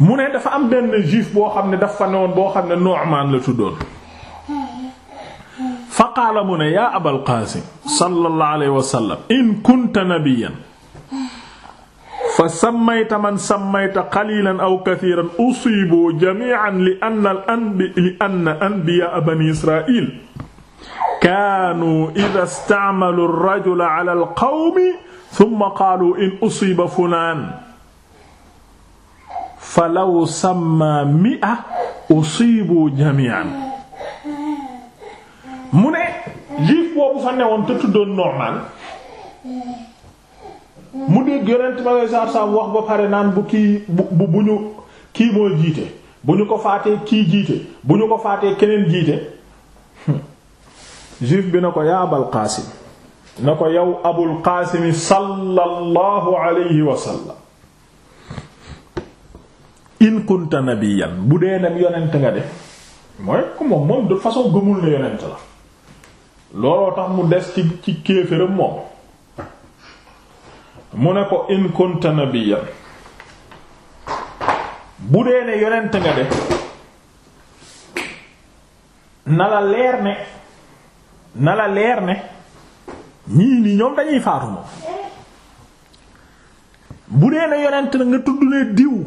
mu ne dafa am benn juif boo xam ne dafa ne woon boo xam ne Nu'maan la tuddoon fa qaala mu ne yaa abal qaasim sallallahu alayhi wa sallam in kunta nabiyan fa sammayta man sammayta qalilan aw kathiran usiibu jamii'an li anna al anbi li anna anbiyaa bani israa'iil kaanuu idhaa ista'maluu ar-rajula 'ala al-qawmi thumma qaaluu in usiiba fulaan falaw sammaa mi'a usiibu jamii'an mu ne juif boobu fa newoon te tuddoon Nu'man mu dégg yonent ma ngay saar wax ba pare naan bu kii bu bu ñu kii mooy jiite bu ñu ko faatee kii jiite bu ñu ko faatee keneen jiite juif bi na ko yaa Qaasim na ko yow Abul Qaasim sallallahu alayhi wa sallam in kunta nabiyan bu dee nag yonent nga de mooy ko moom moom de façon gëmul ne yonent la looloo tax mu des ci ci kéeféram moom mu ne ko in bu dee ne yonent nga de na la leer ne na la leer ne ñii nii ñoom dañuy faatu moom bu dee ne yonent na nga tudd ne diw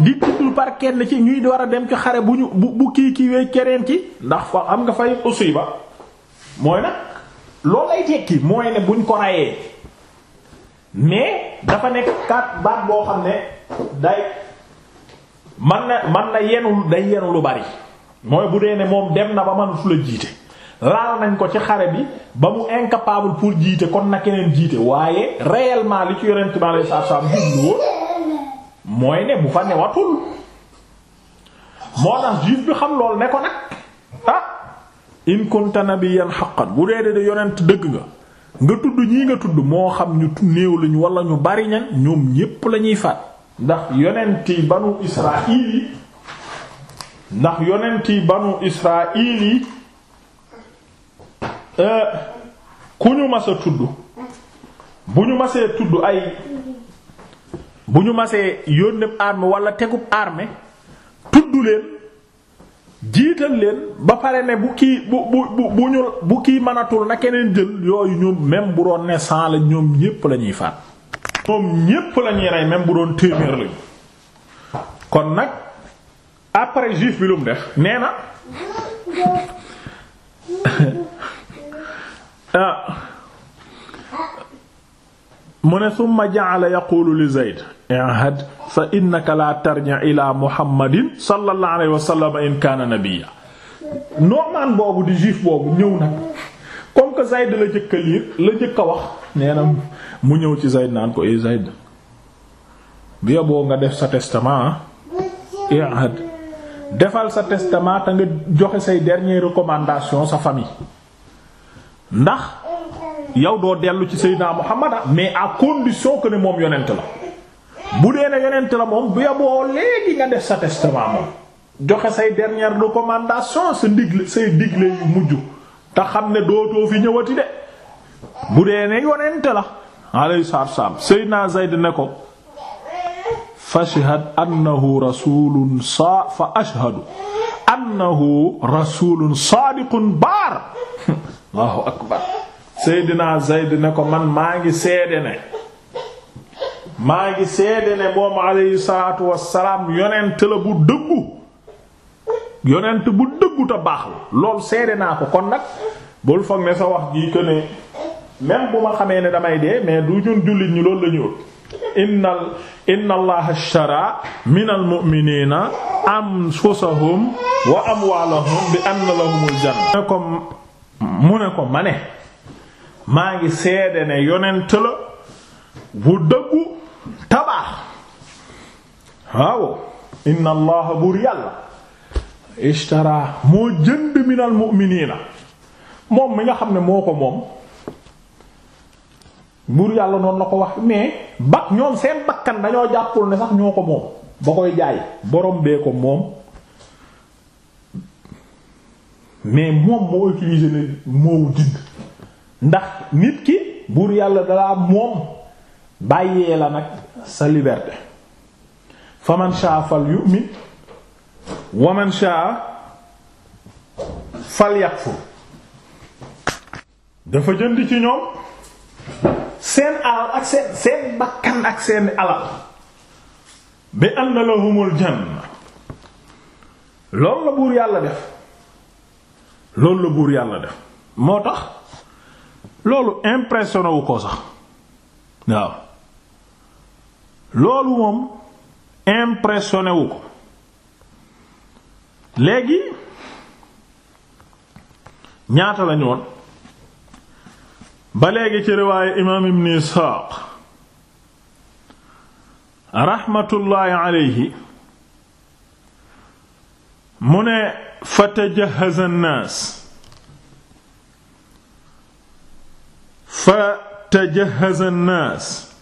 di tudd par kenn ci ñuy war a dem ci xare bu ñu bu bu kii kiiwee keneen ci ndax fa am nga fay ba mooy nag lool lay tekki mooy ne buñ ko rayee mais dafa nekk kat baat boo xam ne day man na man na yenu day yenu lu bari mooy bu dee ne moom dem na ba man fu la jiite laal nañ ko ci xare bi ba mu incapable pour jiite kon na keneen jiite waaye réellement li ci yonent bi alayhi salaam jublu mooy ne bu fa newatul moo tax juif bi xam lool ne ko nag in bi nabiyyan haqqan bu dee de yonent dëgg nga nga tudd ñii nga tudd moo xam ñu néew lañu wala ñu bari ñan ñoom ñépp la ñuy faat ndax yonent yi banu israil ndax yonent banu israil euh, ku ñu mas tudd bu ñu masee tudd ay bu ñu masee yónneb armée wala tegub arme tudd leen jiital leen ba pare ne bu kii bu bu bu ñu bu kii mënatul na keneen jël yooyu ñoom même bu doon ne cent la ñoom ñépp lañuy ñuy faat ñoom ñépp la rey même bu doon téeméer lañu kon nag après juif bi lu mu def nee na ah. mu ne summa ja'ala yaqulu li Zayd i'had fa innaka la tarji' ila Muhammadin sallallahu in kaana nabiyya normaan boobu di juif boobu ñëw nag comme que Zayd la jëkk a liir la jëkk wax nee na mu ñëw ci Zayd naan ko e Zayd bi yoboo nga def sa testament i'had defal sa testament te nga joxe say dernière recommandation sa famille ndax yow doo dellu ci Seydina Muhammad mais à condition que ne moom yonent la bu dee ne yonent la moom bu yaboo léegi nga def sa testament moom joxe say dernière recommandation sa ndigle say digle yu mujj te xam ne dootoo fi ñëwati de bu dee ne yonent la alayhi salaam Seydina Zayd ne ko fashhad annahu rasulun fa ashhadu annahu rasulun sadiqun baar Allahu akbar Seydina Zayd ne ko man maa ngi seede ne maa ngi seede ne moom alayhi salaatu wassalaam yonent la bu dëggu yonent bu dëggu baax la lool seede naa ko kon nag bul foog ne sa wax jii que ne même bu ma xamee ne damay dee mais du ñun jullit ñi loolu la ñu inna inna allaha ishtara min almu'minina anfusahum wa amwalahum bi anna lahumul janna mu ne ko ma ne maa ngi seede ne yonent la bu dëggu tabaax waaw inna allaha buur yàlla ishtara moo jënd minal mu'minina moom mi nga xam ne moo ko moom buur yàlla noonu na ko wax mais bak ñoom seen bakkan dañoo jàppul ne sax ñoo ko moom ba koy jaay borom bee ko moom mais moom moo utilisé ne moowu digg ndax nit ki buur yàlla dalaa moom bàyyee la nag sa liberté fa man shaa fal yu'min wa man shaa fal yakfur dafa jënd ci ñoom seen alal ak seen seen bakkan ak seen alal bi anna lahumul janna lool la buur yàlla def loolu la buur yàlla def moo tax loolu impressionné wu ko sax waaw loolu moom impressionné wu ko léegi ñaata lañu woon ba léegi ci riwaaye imaam ibn Isxaaq raxmatullaahi alayhi mu ne fatajahaza nnaas fatajahaza nnaas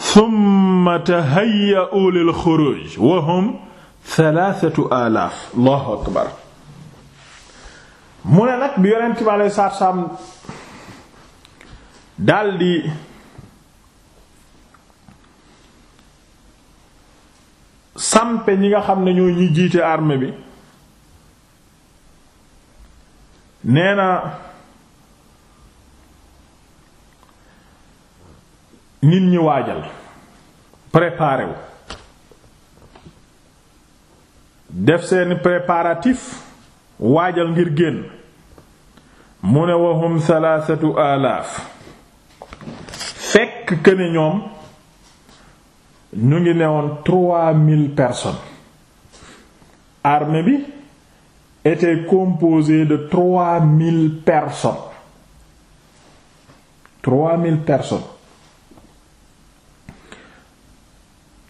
summa tahayya'u lil xuruj wa hum thalathatu alaaf allahu akbar mu ne nag bi yonent bi alayhi salaam daldi sampe ñi nga xam ne ñoo ñi jiite armée bi nee na nit ñi waajal préparé def seeni préparatif waajal ngir génn mu ne wahum thalathatu alaaf fekk këne ñoom ñu ngi newoon trois mille personnes armée bi était composée de trois mille person trois mille personnes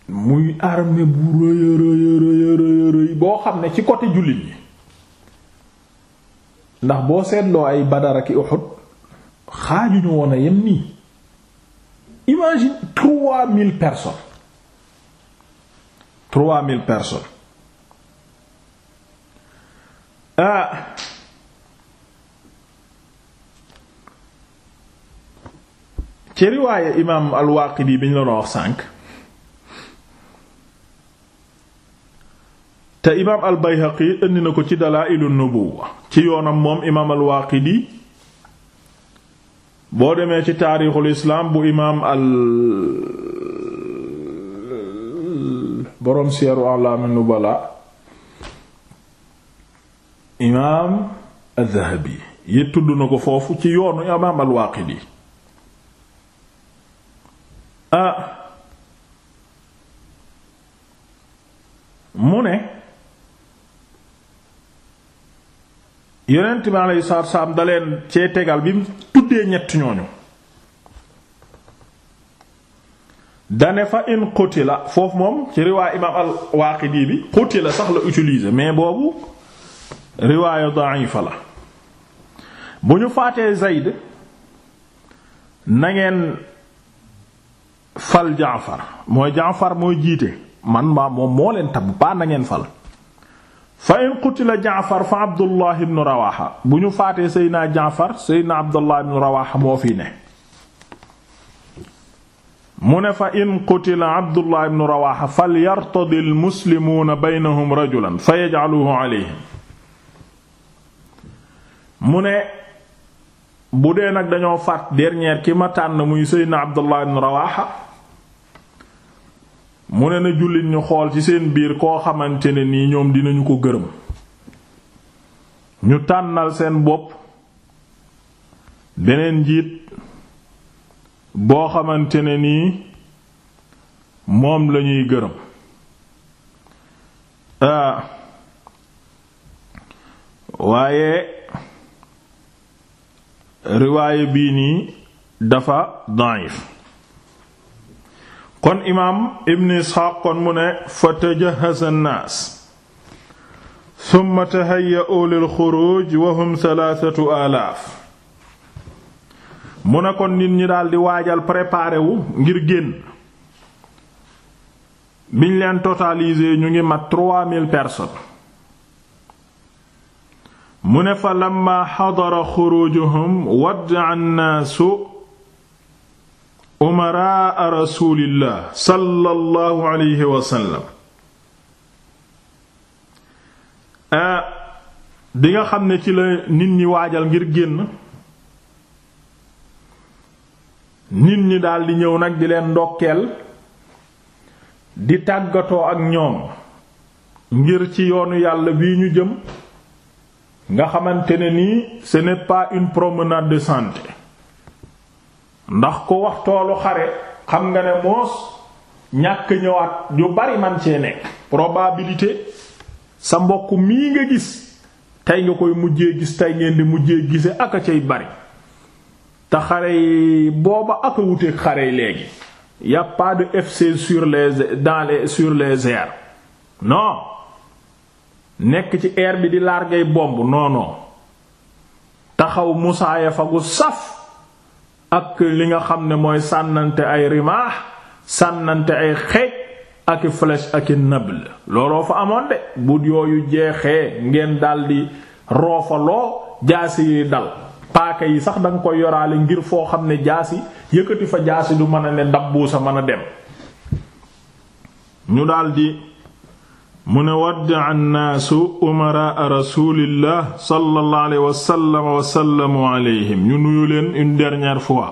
muy armée bu rëy rëy rëy rëy boo xam ne ci côté jullit ñi ndax boo seetloo ay Badar ak Uhud xaajuñu woon a yem nii imagine trois mille person trois mille personnes ah ci riwaaye imaam al-Waaqidi bi ñu la doon wax sànq te imaam al-Bayhaqi indi na ko ci Dalaa'ilu Nubuwwa ci yoonam moom imaam al-Waaqidi boo demee ci taarixul islaam bu imaam al boroom Siyar A'lam nu nubala imaam az-Zahabi yi tudd na ko foofu ci yoonu imaam al-Waaqidi ah mu ne yonent bi alayhi salaatu wa cee tegal bi tuddee ñett ñooñu dane fa in qutila foofu moom ci riwaay imaam al waaqidi bi qutila sax la utiliser mais boobu riwaaya da'ifa la bu ñu faatee zayd nangeen fal jaafar mooy jànfar mooy jiite man maa moom moo leen tab baa na ngeen fal fa in qutila jaafar fa abdullah bu ñu faatee seydna jaafar seydna abdullah ibn rawaha moo fii ne mu ne fa in qutila abdullah ibnu rawaxa falyartadi almuslimuuna baynahum rajulan fa yajcaluhu aleyhim mu ne bu dee nag dañoo faat dernier ki ma tànn muy seydna abdullah ibnu rawaxa mu ne na jullit ñu xool ci seen biir koo xamante ne nii ñoom dinañu ko gërëm ñu tànnal seen bopp beneen njiit boo xamante ne nii moom lañuy gërëm ah. waaye riwaaye bii nii dafa da'if kon imaam ibn isxaaq kon mu ne fa tajahhaza an-naas thumma tahayya'u lil xuruj wa hum alaaf mu ne kon nit ñi daldi waajal préparer wu ngir génn biñ leen totaliser ñu ngi mat trois mille personnes mu ne fa lamma xadara xurujuhum wadda annaasu umaraa rasulillah sallallahu alayhi wa sallam eh, nga xam ne ci la nit ñi waajal ngir génn nit ñi daldi ñëw nag di leen ndokkeel di tàggatoo ak ñoom ngir ci yoonu yàlla bii ñu jëm nga xamante ne nii ce n'est pas une promenade de santé ndax ko wax toolu xare xam nga ne moos ñàkk ñëwaat yu bari man cee nekk probabilité sa mbokk mii nga gis tey nga koy mujjee gis tey ngeen di mujjee gise ak a cay bari te xare yi booba ak a xare yi léegi y a pas de FC sur nekk ci air bi di larguer bombe noonu taxaw musaaya fagu saf ak li nga xam ne mooy sànnante ay rimaax sànnante ay xeej ak i flèche ak i nabl looloo fa amoon de bu yooyu jeexee ngeen daldi roofaloo jaasi yi dal paaka yi sax da nga koy yoraale ngir foo xam ne jaasi yëkkati fa jaasi du mëna ne dabbu sa mëna dem ñu daldi mu ne wadd annaasu umaraa rasulillah sallallahu alayhi wasallam wasallamu alayhim ñu nuyu leen une dernière fois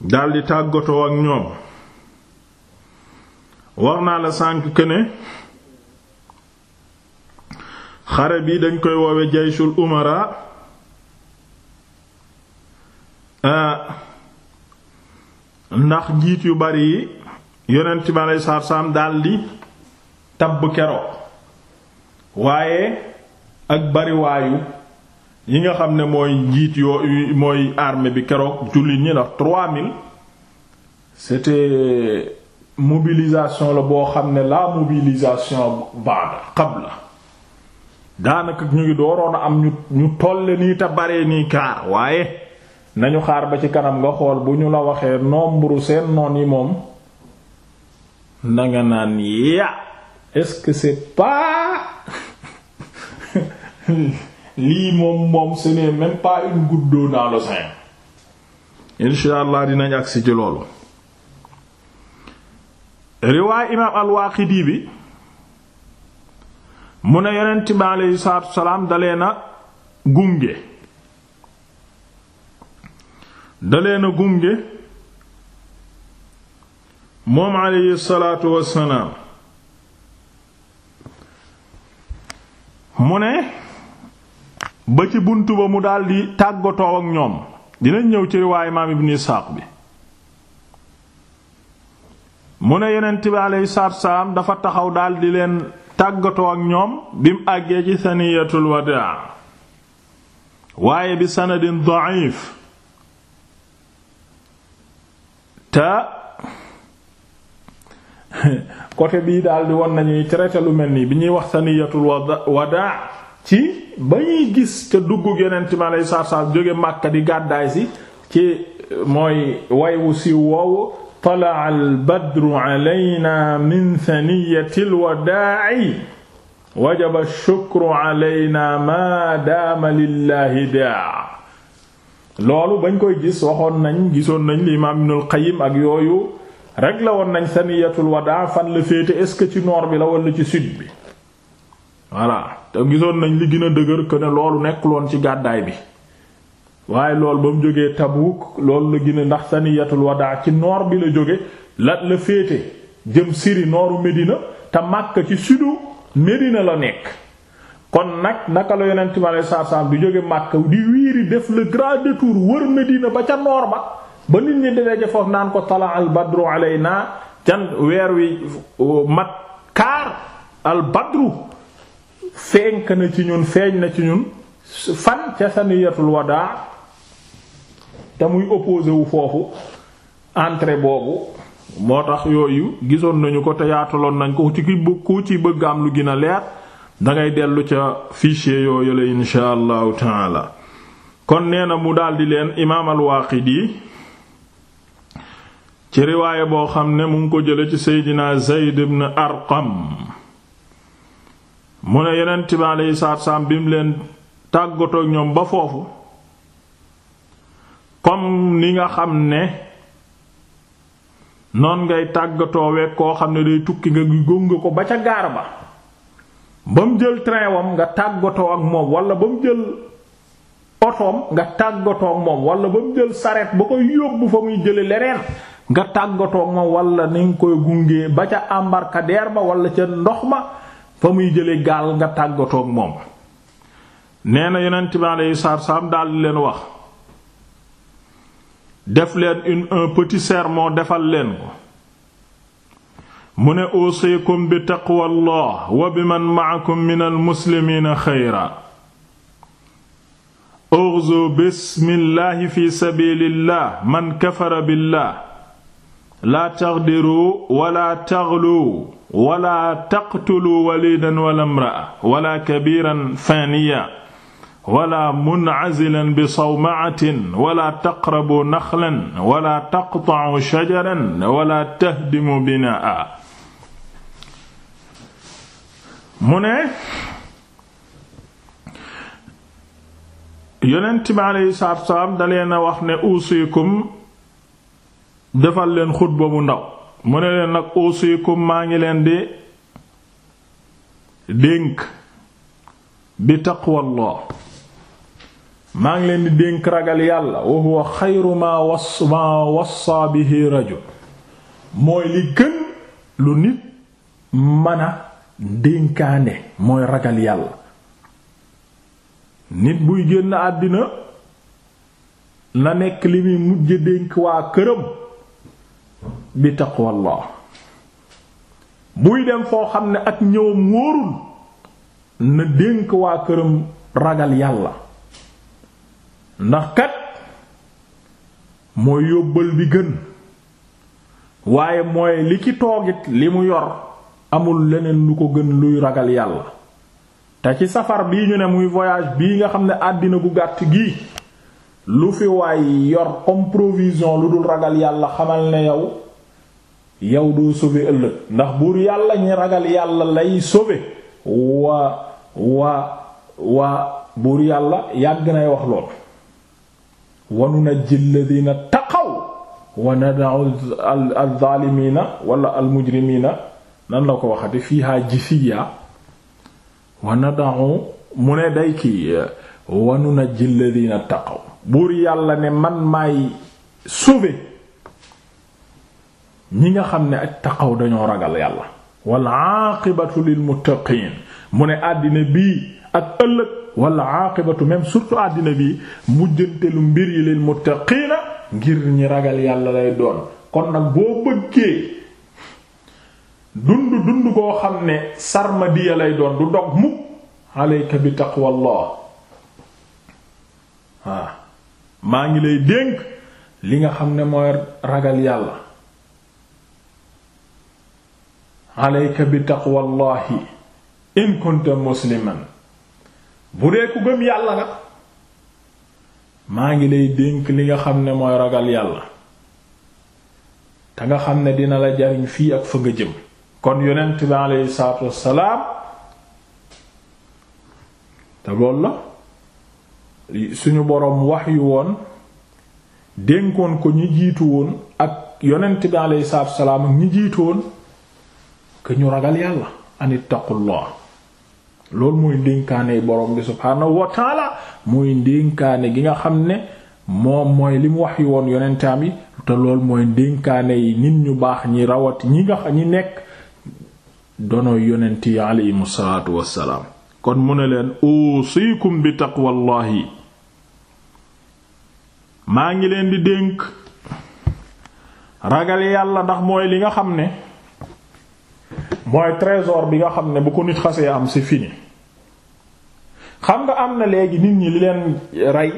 daldi tàggatoo ak ñoom wax naa la sànk këne xare bi dañ koy woowe jayshul umara ah, ndax njiit yu bari yi yonent bi aleyhi salaatu salaam daldi tabb kero waaye ak bariwaayu yi nga xam ne mooy njiit yoo mooy armée bi keroog jullit ñi ndax 3000 c'était mobilisation la boo xam ne la mobilisation ba'da qabla daanaka ñu ngi dooroon am ñu ñu nii te bare nii kaar waaye nañu xaar ba ci kanam nga xool bu ñu la waxee nombre seen noon yi moom nanga naan ya est-ce que c'est pas lii moom moom ce n'est même pas une goutte d'eau dans le sein ci loolu riwaay imaam al-Waaqidi bi mu ne yonent bi aleyhi salaatu wasalaam dalee na gunge dalee na gunge moom aleyhi salaatu mu ne ba ci bunt ba mu daldi tàggatoo ak ñoom dina ñëw ci riwaay imaam ibn Isaaq bi mu ne yonent bi aleyhi dafa taxaw daldi leen tàggatoo ak ñoom bim àggee ci saniyatul wadaa waaye bi sanadin da'if te côté bii daal di nañu nañuy traité lu mel nii bi ñuy wax saniyatul wadaa ci ba ñuy gis te dugg geneen ci ma lay saar saar jóge Makka di gàddaay si ci eh, mooy way wu siiw woowu talaa albadru alayna min thaniyati alwadaa'i wajaba alshukru alayna maa daama lillahi daa loolu bañ koy gis waxoon nañ gisoon nañ li imaam ibnul qayyim ak yooyu rek la woon nañ thaniyatul wadaa fan la féete est-ce que ci nord bi la walla ci sud bi voilà te gisoon nañ li gën a dëgër que ne loolu nekkuloon ci gàddaay bi waaye loolu ba mu jógee Tabuk loolu la gën ndax saniyatul wadaa ci noor bi la jóge la la féete jëm siri nooru Medina te Makka ci sudu Medina la nekk kon nag naka la yonent bi alayhi salaatu salaam du jóge Makka di wiiri def le grand détour wër Medina ba ca noor ba ba nit ñi deleje foofu naan ko tala al badru alayna jan weer wi mat kaar al badru fenk na ci ñun feeñ na ci ñun fan ca saniyatul wadaa te muy opposé wu foofu entrée boobu moo tax yooyu gisoon nañu ko te yaataloon nañ ko ci ku ci bëgg am lu gën leer dangay dellu ca fichier yooyu la insha allahu taala kon nee na mu daldi leen imaam al-Waaqidi ci riwaaya boo xam ne mu ngi ko jële ci seydina Zayd ibn Arqam mu ne yonent bi bi mu leen tàggatoo ñoom ba foofu comme ni nga xam ne noon ngay tàggatoo tàggatooweeg koo xam ne day tukki nga gung ko ba ca gaar ba ba mu jël train wam nga tàggatoo ak moom walla ba mu jël otoom nga tàggatoo ak moom wala ba mu jël saret ba koy yóbbu fa muy jële leneen nga tàggatoo ak moom wala ni nga koy gunge ba ca embarcadère ba wala ca ndox ma fa muy jële gaal nga tàggatoo ak moom nee na yonent bi alayhi salaam daal di leen wax def leen un petit sermon defal leen ko mu ne uusikum bi taqwallah wa bi man ma'akum min almuslimiina xayra ughzu bismillahi fi sabilillah man kafara billah la taqdiru wala taghlu wala taqtulu walidan wala imra'a wala kabiran faniya wala muncazilan bi sawmacatin wala taqrabu naxlan wala taqtacu shajaran wala tahdimu binaa mu ne yonent bi aleyhi salaatu salaam da wax ne uusikum defal leen xutba bu ndaw mu ne leen nag uusikum maa ngi leen di dénk bi taqwallah maa ngi leen di dénk ragal yàlla wa huwa xayru ma was ma wassa bihi mooy li gën lu nit mën a dénkaane mooy ragal yàlla nit buy génn àddina la nekk li muy mujj dénk waa këram bi taqwallah buy dem foo xam ne ak ñëwam wóorul na dénk waa këram ragal yàlla ndax kat mooy yóbbal bi gën waaye mooy li ci toogit li mu yor amul leneen lu ko gën luy ragal yàlla te ci safar bii ñu ne muy voyage bi nga xam ne àddina gu gàtt gii lu fi waay yor comme provision lu dul ragal yàlla xamal ne yow yow doo sobe ëllëg ndax buur yàlla ñi ragal yàlla lay sobe waa waa waa buur yàlla yàgg nay wax lool wa nunajji alladhina taqaw wa nada'u al-zaalimiina wala al-mujrimiina nan la ko waxate fiihaa jithiya wa nada'u mu ne day kii wa nunajji alladhina taqaw buur yàlla ne man maay sauver ñi nga xam ne ak taqaw dañoo ragal yàlla wal aaqibatu lil muttaqiin mu ne àddina bii ak ëllëg wala aqibatu même surtout àddina bi mujjantelu mbir yi lil muttaqiina ngir ñi ragal yàlla lay doon kon nag boo bëggee dund dund koo xam ne sarmadiya lay doon du dog mukk alayka bi taqwallah waaw maa ngi lay dénk li nga xam ne mooy ragal yàlla alayka bi taqwallahi in kunta musliman bu dee ku gëm yàlla nag maa ngi lay dénk li nga xam ne mooy ragal yàlla te nga xam ne dina la jariñ fii ak fa nga jëm kon yonent bi aleyhi salaatu wassalaam te loolu la suñu boroom wax yu woon dénkoon ko ñi jiitu woon ak yonent bi aleyhi salaatu wassalaam ak ñi jiitu woon ñu ragal yàlla anit taqullah loolu muy ndénkaane borom bi subhaanahu wa taala muy ndénkaane gi nga xam ne moom mooy li mu wax yi woon yonentaam yi te lool mooy ndénkaane yi nit ñu baax ñi rawat ñi nga ñi nekk dono yonent yi aleyhimu salaatu wassalaam kon mu ne leen uusikum bi taqwallahi maa ngi leen di dénk ragal yàlla ndax mooy li nga xam ne mooy trésor bi nga xam ne bu ko nit xasee am c'est fini xam nga am na léegi nit ñi li leen rey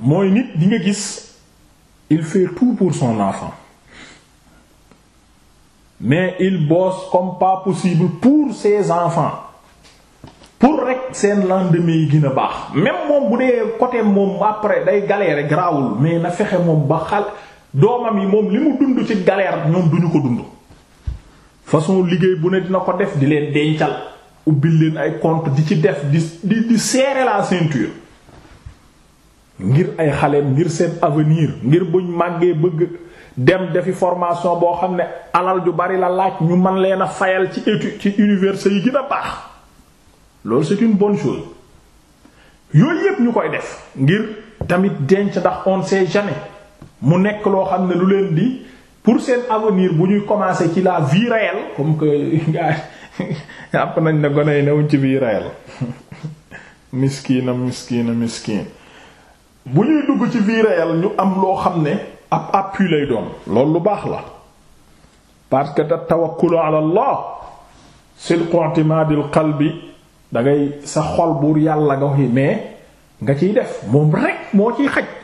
mooy nit di gis il fait tout pour son enfant mais il bosse comme pas possible pour ses enfants pour rek seen lendemain yi gën a baax même moom bu dee côté moom après day rek garaawul mais na fexe moom ba xal doomam yi moom li mu dund ci galère ñoom duñu ko dund façon liggéey bu ne dina ko def di leen dencal ubbil leen ay compte di ci def di di di serrer la ceinture ngir ay xaleem ngir seen avenir ngir buñ màggee bëgg dem defi formation boo xam ne alal ju bari la laaj ñu man leen a fayal ci étude ci université yi gën a baax loolu c'est bon bonne chose yooyu yépp ñu koy def ngir tamit denc ndax on sait jamais mu nekk loo xam ne lu leen di pour seen avenir bu ñuy commencer ci la vie réelle comme que gars yàpp nañ ne gone yi newuñ ci vie réelle miskina miskina miskin bu ñuy dugg ci vie réelle ñu am loo xam ne ab appui lay doon loolu lu baax la parce que tawakkulu ala Allah sil qontimadil bi dangay sa xol buur yàlla nga wax mais nga ciy def moom rek moo ciy xaj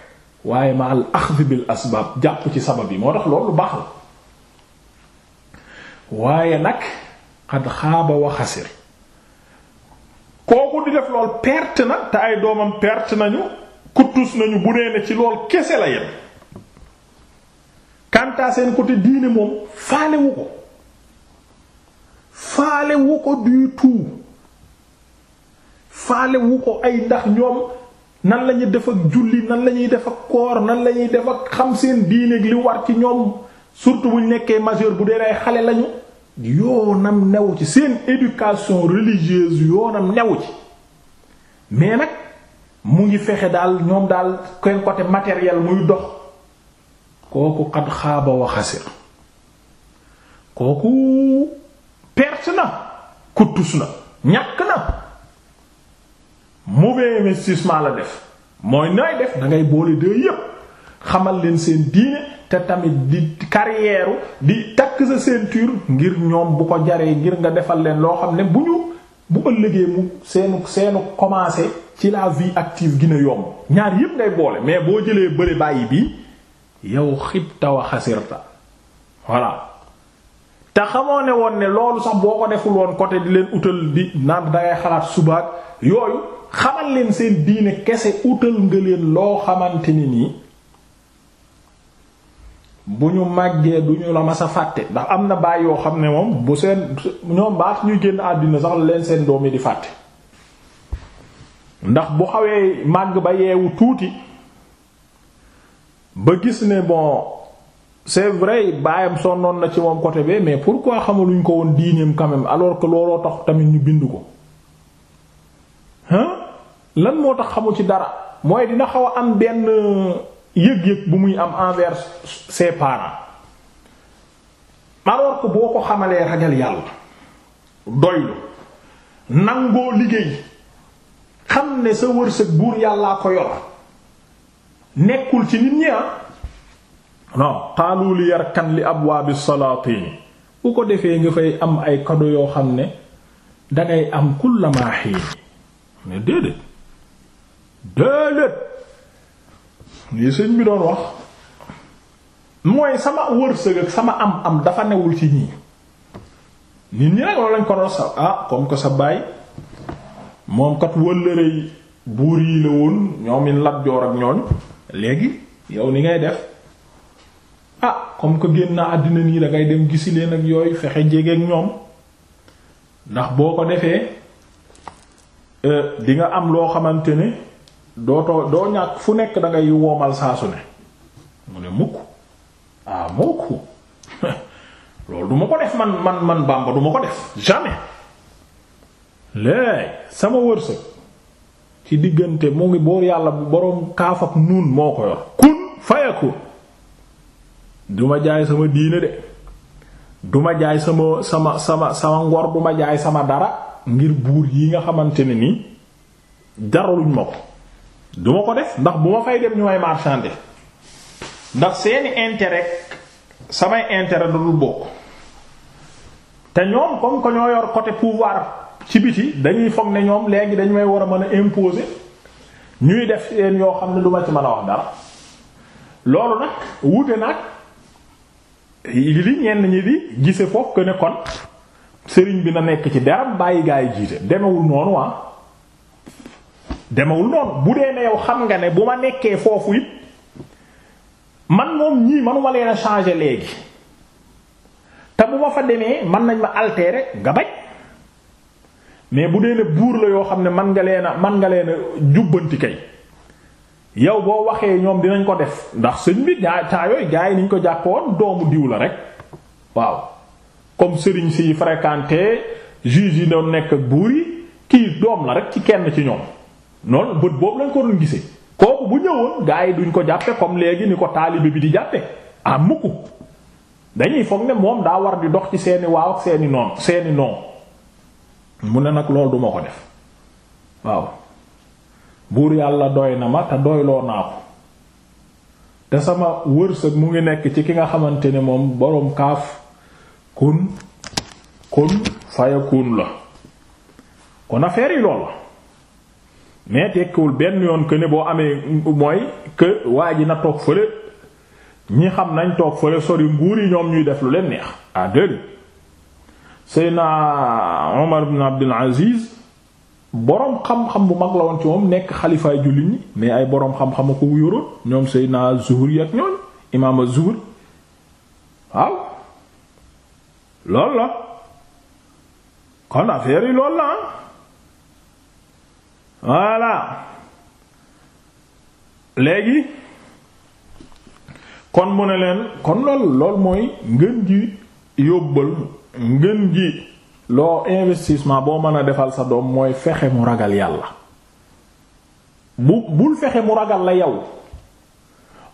waaye ma al axd bil asbaab jàpp ci sabab yi moo tax loolu baax la waaye nag xad xaaba wa xasir kooku di def lool perte na te ay doomam perte nañu kuttus nañu bu nee ne ci lool kese la yem kantaa seen côté diine moom faalewu ko faalewu ko du tout faalewu ko ay ndax ñoom nan la def ak julli nan la ñuy def ak koor nan la ñuy def ak xam seen diine li war ci ñoom surtout bu ñu nekkee majeur bu dee ay xale lañu yoonam new ci seen éducation religieuse yoonam new ci mais nag mu ngi fexe daal ñoom daal koy côté matériel muy dox kooku xat xaaba wa xasir kooku perte na kuttus na ñàkk na mu mauvais investissement la def mooy nooy def da ngay boole deux yépp xamal leen seen diine te tamit di carrière di takk sa ceinture ngir ñoom bu ko jaree ngir nga defal leen loo xam ne bu ñu bu ëllëgee mu seenu seenu commencé ci la vie active gina yomb ñaar yépp ngay boole mais boo jëlee bële bàyyi bi yow xibta wa xasirta voilà te xamoo ne woon ne loolu sax boo ko deful woon côté di leen utal di naan dangay xalaat subaak yooyu xamal leen seen diine kese utal nga leen loo xamante ni nii bu ñu màggee du la mas a fàtte ndax am na baay yoo xam ne moom bu seen ñoom baat ñuy génn àddina sax leen seen doom yi di fàtte ndax bu xawee màgg ba yeewu tuuti ba gis ne bon c'est vrai baayam sonnoon na ci moom côté bi mais pourquoi luñ ko woon diineem quand même alors looloo tax tamit ñu bind ko hein lan moo tax xamu ci dara mooy dina xaw a am benn yëg-yëg bu muy am envers ses parents alors boo ko xamalee ragal yàlla doylu nangoo liggéey xam ne sa wërsëg buur yàllaa ko yor nekkul ci nit ñi ah. non xaalu li yarkan li abwaabi salaatin bu ko defee nga fay am ay kado yoo xam ne dangay am kullama xiin ne déedéet déedéet lii sëñ bi doon wax mooy sama wërsëg ak sama am-am dafa newul ci ñii nit ñi nag loolu lañ ko doon sa ah comme que sa baay moom kat wëllëree buur yi la woon ñoom in Joor ak ñooñu léegi yow ni ngay def ah comme que génn na àddina nii da ngay dem gisi leen ak yooyu fexe jégeek ñoom ndax boo ko defee euh, di nga am loo xamante ne. dootoo doo ñàkk fu nekk dangay ngay woomal saa su ne mu ne mukk ah mukk loolu du ma ko def man man man Bàmba du ko def jamais léegi sama wërsëg ci diggante mu ngi boor yàlla bu boroom kaaf ak nuun moo ko yor kun fayaku du ma jaay sama diine de du jaay sama sama sama sama ngor du ma jaay sama dara ngir buur yi nga xamante ne nii jaraluñ ma ko du ma ko def ndax bu ma fay dem ñu may marchander ndax seeni intérêt samay intérêt du bokk te ñoom comme que ñoo yor côté pouvoir ci biti dañuy foog ne ñoom léegi dañu may war a mën a imposer ñuy def seen yoo xam ne du ma ci mën a wax dara loolu nag wuute nag li ñenn ñi di gise foofu que kon sëriñ bi na nekk ci deram bàyyi gaa yi jiite demewul noonu waa ah. demewul noonu bu dee ne yow xam nga ne bu ma nekkee foofu it man moom ñii man waleen a changer léegi te bu ma fa demee mën nañ ma altérer gabaj mais bu dee ne buur la yoo xam ne man nga leen a man nga leen a jubbanti kay yow boo waxee ñoom dinañ ko def ndax sëñ bi gaa taa yi niñ ko jàppoon doomu diw la rek waaw comme sëriñ si fréquenté juge yi doon nekk buur yi kii doom la rek ci kenn ci ñoom noonu bët boobu lañ ko doon gisee kooku bu ñëwoon gaa yi duñ ko jàppe comme léegi ni ko taalibe bi di jàppe ah mukk dañuy foog ne moom daa war di dox ci seeni waaw ak seeni noon seeni noon mu ne nag loolu duma ko def waaw buur yàlla doy na ma te doyloo naa ko te sama wërsëg mu ngi nekk ci ki nga xamante ne moom boroom kaaf kun kun faya kun la kon affaire yi lool la mais tekkiwul benn yoon que ne boo amee mooy que waa ji na toog fële ñi xam nañ toog fële sori nguur yi ñoom ñuy def lu leen neex ah déedéet Seyna Omar ibn Abdul Aziz boroom xam-xam bu mag la woon ci moom nekk xalifaay jullit ñi mais ay boroom xam-xamu ko yoroon ñoom Seyna Zuhri ak ñoom imaam Zuhri waaw loolu la kon affaire yi loolu la ah. voilà léegi kon mu ne leen kon lool lool mooy ngën ji yóbbal ngën ji loo investissement boo mën a defal sa doom mooy fexe mu ragal yàlla bu bul fexe mu ragal la yow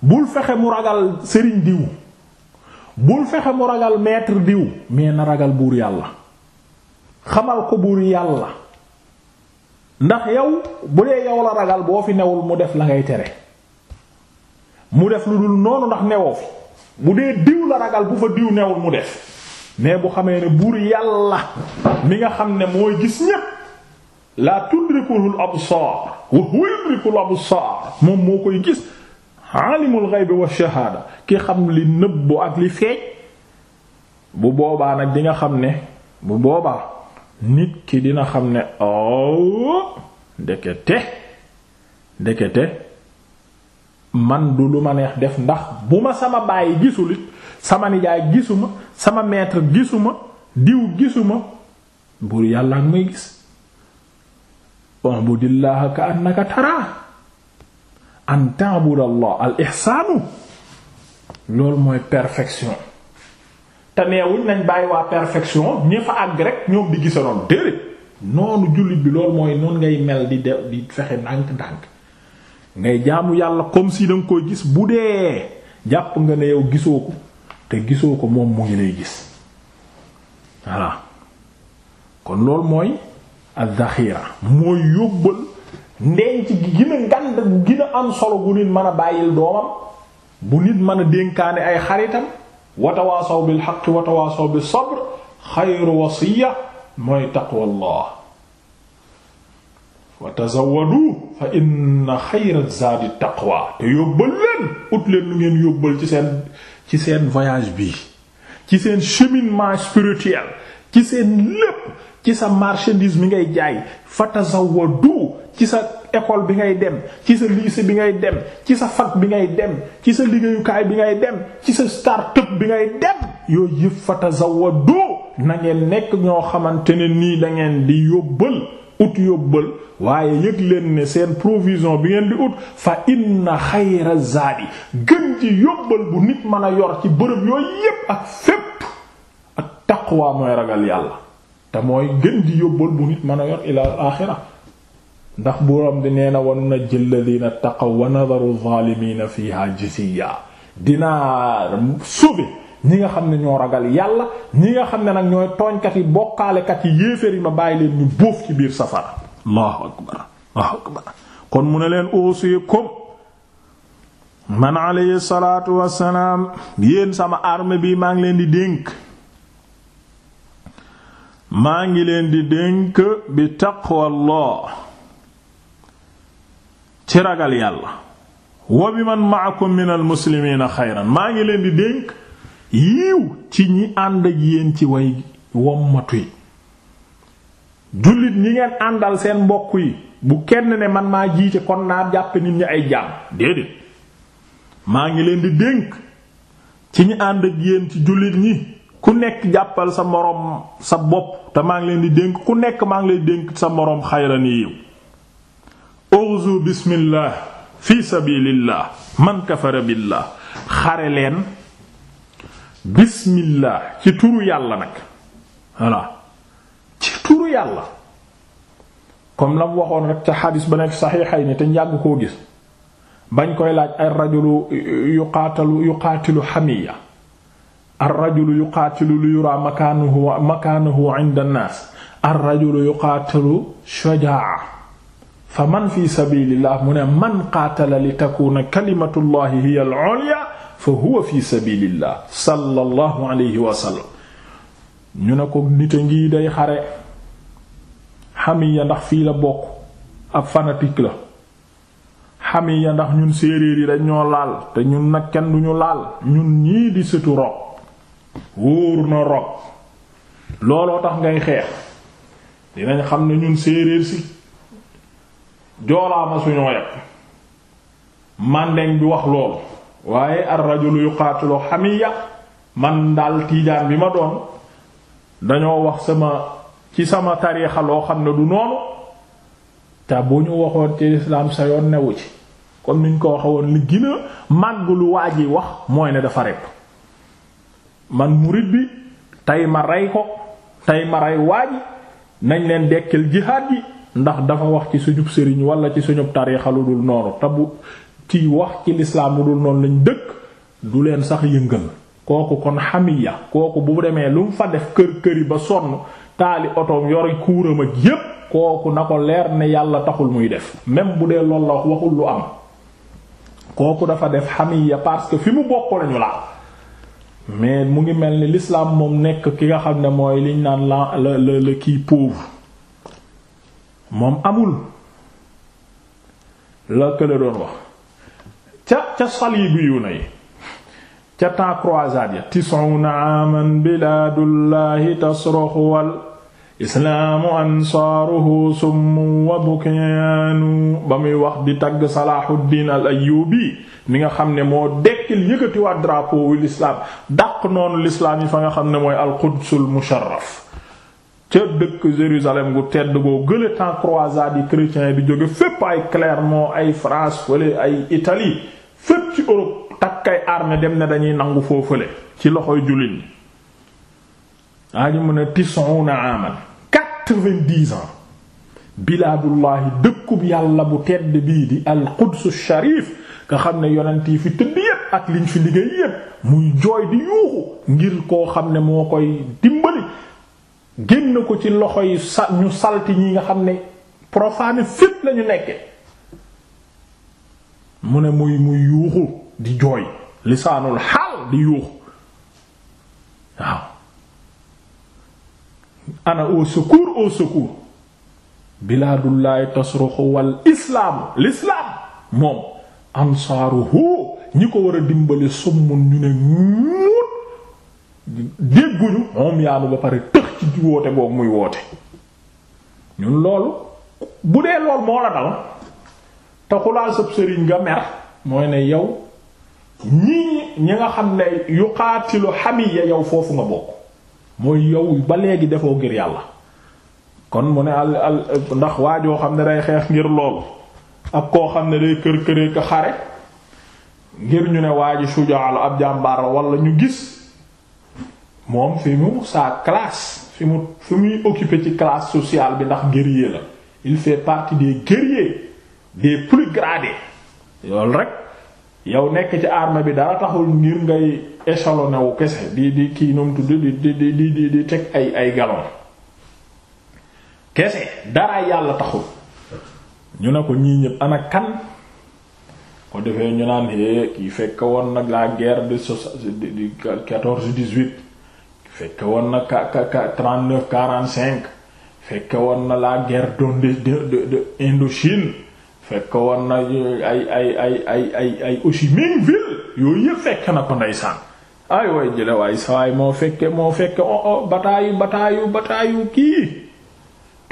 bul fexe mu ragal sëriñ diw bul fexe mu ragal maître diw mais na ragal buur yàlla xamal ko buur yàlla ndax yow bu dee yow la ragal boo fi newul mu def la ngay tere mu def lu dul noonu ndax newoo fi bu dee diw la ragal bu fa diw newul mu def mais bu xamee ne buur yàlla mi nga xam ne mooy gis ñépp laa tudrikul absar wa huwa yudrikul absar moom moo koy gis aalimul ghaybi wa shahaada ki xam li nëbbu ak li feeñ bu boobaa nag di nga xam ne bu boobaa nit ki dina xam ne oh ndekete ndekete man du lu ma neex def ndax bu ma sama bàyyi gisul sama nijaay gisuma sama maître gisuma diw gisuma buur yàlla ak may gis ubudillaha ka annaka taraa an ta'budallah al ihsaanu loolu mooy perfection te neewuñ nañ bàyyi waa perfection ñi fa àgg rek ñoom di gisanoon déedéet noonu jullit bi loolu mooy noonu ngay mel di de di fexe ndànk-ndànk ngay jaamu yàlla comme si da nga koy gis bu dee jàpp nga ne yow gisoo ko te gisoo ko moom mu ngi lay gis kon loolu mooy az-zaxira mooy yóbbal ndenc gi gën a ngand am solo bu nit mën a bàyyil doomam bu nit mën a dénkaane ay xaritam watawaasaw bil xaq watawaasaw bi sabr xayru wasiya mooy taqwallah wa tazawwadu fa inna xayra zaadi taqwa te yóbbal leen ut leen lu ngeen yóbbal ci seen ci seen voyage bi ci seen cheminement spirituel ci seen lépp ci sa marchandise mi ngay jaay fa tazawwadu ci sa école bi ngay dem ci sa lycée bi ngay dem ci sa fac bi ngay dem ci sa liggéeyukaay bi ngay dem ci sa start bi ngay dem yooyu yëpp fatazawwadu na ngeen nekk ñoo xamante ne nii da ngeen di yóbbal ut yóbbal waaye yëg leen ne seen provision bi ngeen di ut fa inna xayra zaadi gën ci yóbbal bu nit mën a yor ci bërëb yooyu yëpp ak fépp ak taqwa mooy ragal yàlla te mooy gën di yóbbal bu nit mën a yor ilal axira ndax boroom di nee na wan na jëlladina taqaw wa nadaru zalimina fiha jisiya dinaa subi ñi nga xam ne ñoo ragal yàlla ñi nga xam ne nag ñooy tooñkat yi bokkaalekat yi yéeféer yi ma bàyyi leen ñu bóof ci biir safara allahu akbar allahu kon mu ne leen usikum man alayhi salaatu wassalaam yéen sama arme bi maa ngi leen di dénk maa ngi leen di dénk bi taqwallah ci ragal yàlla wa bi man ma'akum minal muslimiina xayran maa ngi leen di dénk yiiw ci ñi ànd ak yéen ci way wommatu yi jullit ñi ngeen àndal seen mbokk yi bu kenn ne man maa jiite kon naa jàpp nit ñi ay jaam déedéet maa ngi leen di dénk ci ñi ànd ak yéen ci jullit ñi ku nekk jàppal sa moroom sa bopp te maa ngi leen di dénk ku nekk maa ngi leen di dénk sa moroom xayran yiiw xuzu bismillah fi sabilillah man kafara la xare leen bismillah ci turu yàlla nag voilà ci turu yàlla comme la mu waxoon rek ca xadis ba nekk saxiixayni te njàgg koo gis bañ koy laaj ar rajulu yuqaatalu yuqaatilu xamiya ar rajulu yuqaatilu li yura makaanuhu makaanuhu inda an-naas ar rajulu yuqaatilu shajaa fa man fi sabilillah mu ne man qaatala li takuna kalimatullahi hiya al-ulya fa huwa fi sabilillah sallallahu wa sallam ñu ne ko nit a ngi day xare xamiya ndax fii la bokk ab fanatique la xamiya ndax ñun séeréer yi dañ ñoo laal te ñun nag kenn duñu laal ñun ñii di sëtu rob wóor na rob looloo tax ngay xeex dinañ xam ne ñun séeréer si joolaa ma suñoo yàq màndeŋ bi wax loolu waaye ar-rajulu yuqaatilu hamiya man daal tiijaan bi ma doon dañoo wax sama ci sama tariixa loo xam ne du noonu te bu ñu waxoon ci lislaam sa yoon newu ci comme niñ ko waxe woon li gën a màgg lu waa ji wax mooy ne dafa rek man murid bi tey ma rey ko tey ma rey waa ji nañ leen dekkal jihaad yi ndax dafa wax ci suñub sëriñ wala ci suñu tariixa lu dul noonu te ci wax ci lislaam lu dul noonu lañ dëkk du leen sax yëngal kooku kon xamiya kooku bu demee lu mu fa def kër këri ba sonn taali otoom yori kuuram ak yépp kooku na ko leer ne yàlla taxul muy def même bu dee loolu waxul lu am kooku dafa def xamiya parce que fi mu bokk lañu laa mais mu ngi mel ni lislaam moom nekk ki nga xam ne mooy liñ naan la la la kii pauvre moom amul la kële doon wax ca ca saliibi yu na ca temps croisade ya tis'una aaman bilaadullahi tasroxu wal islaamu ansaaruhu summun wa bukyaanu ba muy wax di tagg salaaxuddin al ayyubi mi nga xam ne moo dekkil yëkkatiwaat drapeau wi lislaam dàq noonu lislaam yi fa nga xam ne mooy al qudsul musharraf ca dëkk Jérusalem gu tedd goo gële temps croisade yi chrétiens bi jóge fépp ay Clermont ay France fële ay Italie fépp ci Europe takkay armée dem ne dañuy nangu foo fële ci loxoy jullit ñi aa ji mën a tis'una aman quatre-vingt-dix ans bilaadullahi dëkkub yàlla bu tedd bii di al Quds sharif nga xam ne yonent yi fi tëdd yépp ak liñ fi liggéey yépp muy jooy di yuuxu ngir koo xam ne moo koy dimbali génn ko ci loxo yi sa ñu salti ñi nga xam ne profane fépp lañu nekke mu ne muy muy yuuxu di jooy lisaanul xaal di yuuxu waaw ana au secours au secours bilaadullahi tasruxu wal islaamu l'islaam moom ansaaruhu ñi ko war a dimbali summun ñu ne ñuut dégguñu moom yaanu ba pare ci woote boobu muy woote ñun loolu bu dee lool moo la dal te ku sëriñ nga mer mooy ne yow ñii ñi nga xam ne yuqaatilu xamiya yow foofu nga bokk mooy yow ba léegi defoo ngir yàlla kon mu ne al al ndax waajoo xam ne day xeex ngir loolu ak koo xam ne day kër këree ka xare ngir ñu ne waa ji sujaal ab jàmbaar wala ñu gis moom fi mu sa classe fi mu fi muy occupé ci classe sociale bi ndax guerrier la il fait partie des guerriers des plus gradés loolu rek yow nekk ci armée bi dara taxul ngir ngay échelonné wu kese di di kii noom di di teg ay ay galon kese dara yàlla taxul ñu ne ko ñii ñëpp ana kan ko defee ñu naan é eh, kii fekk woon nag la guerre de soixante quatorze dix-huit fekke woon na ka ka ka 39 45 fekke woon na la guerre d'Indochine fekke woon na ay ay ay ay ay ay Ho Chi Minh Ville yooyu yëpp fekke na ko ndeysaan ay way jële waay sawaay moo fekke moo fekke o oh, o oh, bataayu bataayu bataayu kii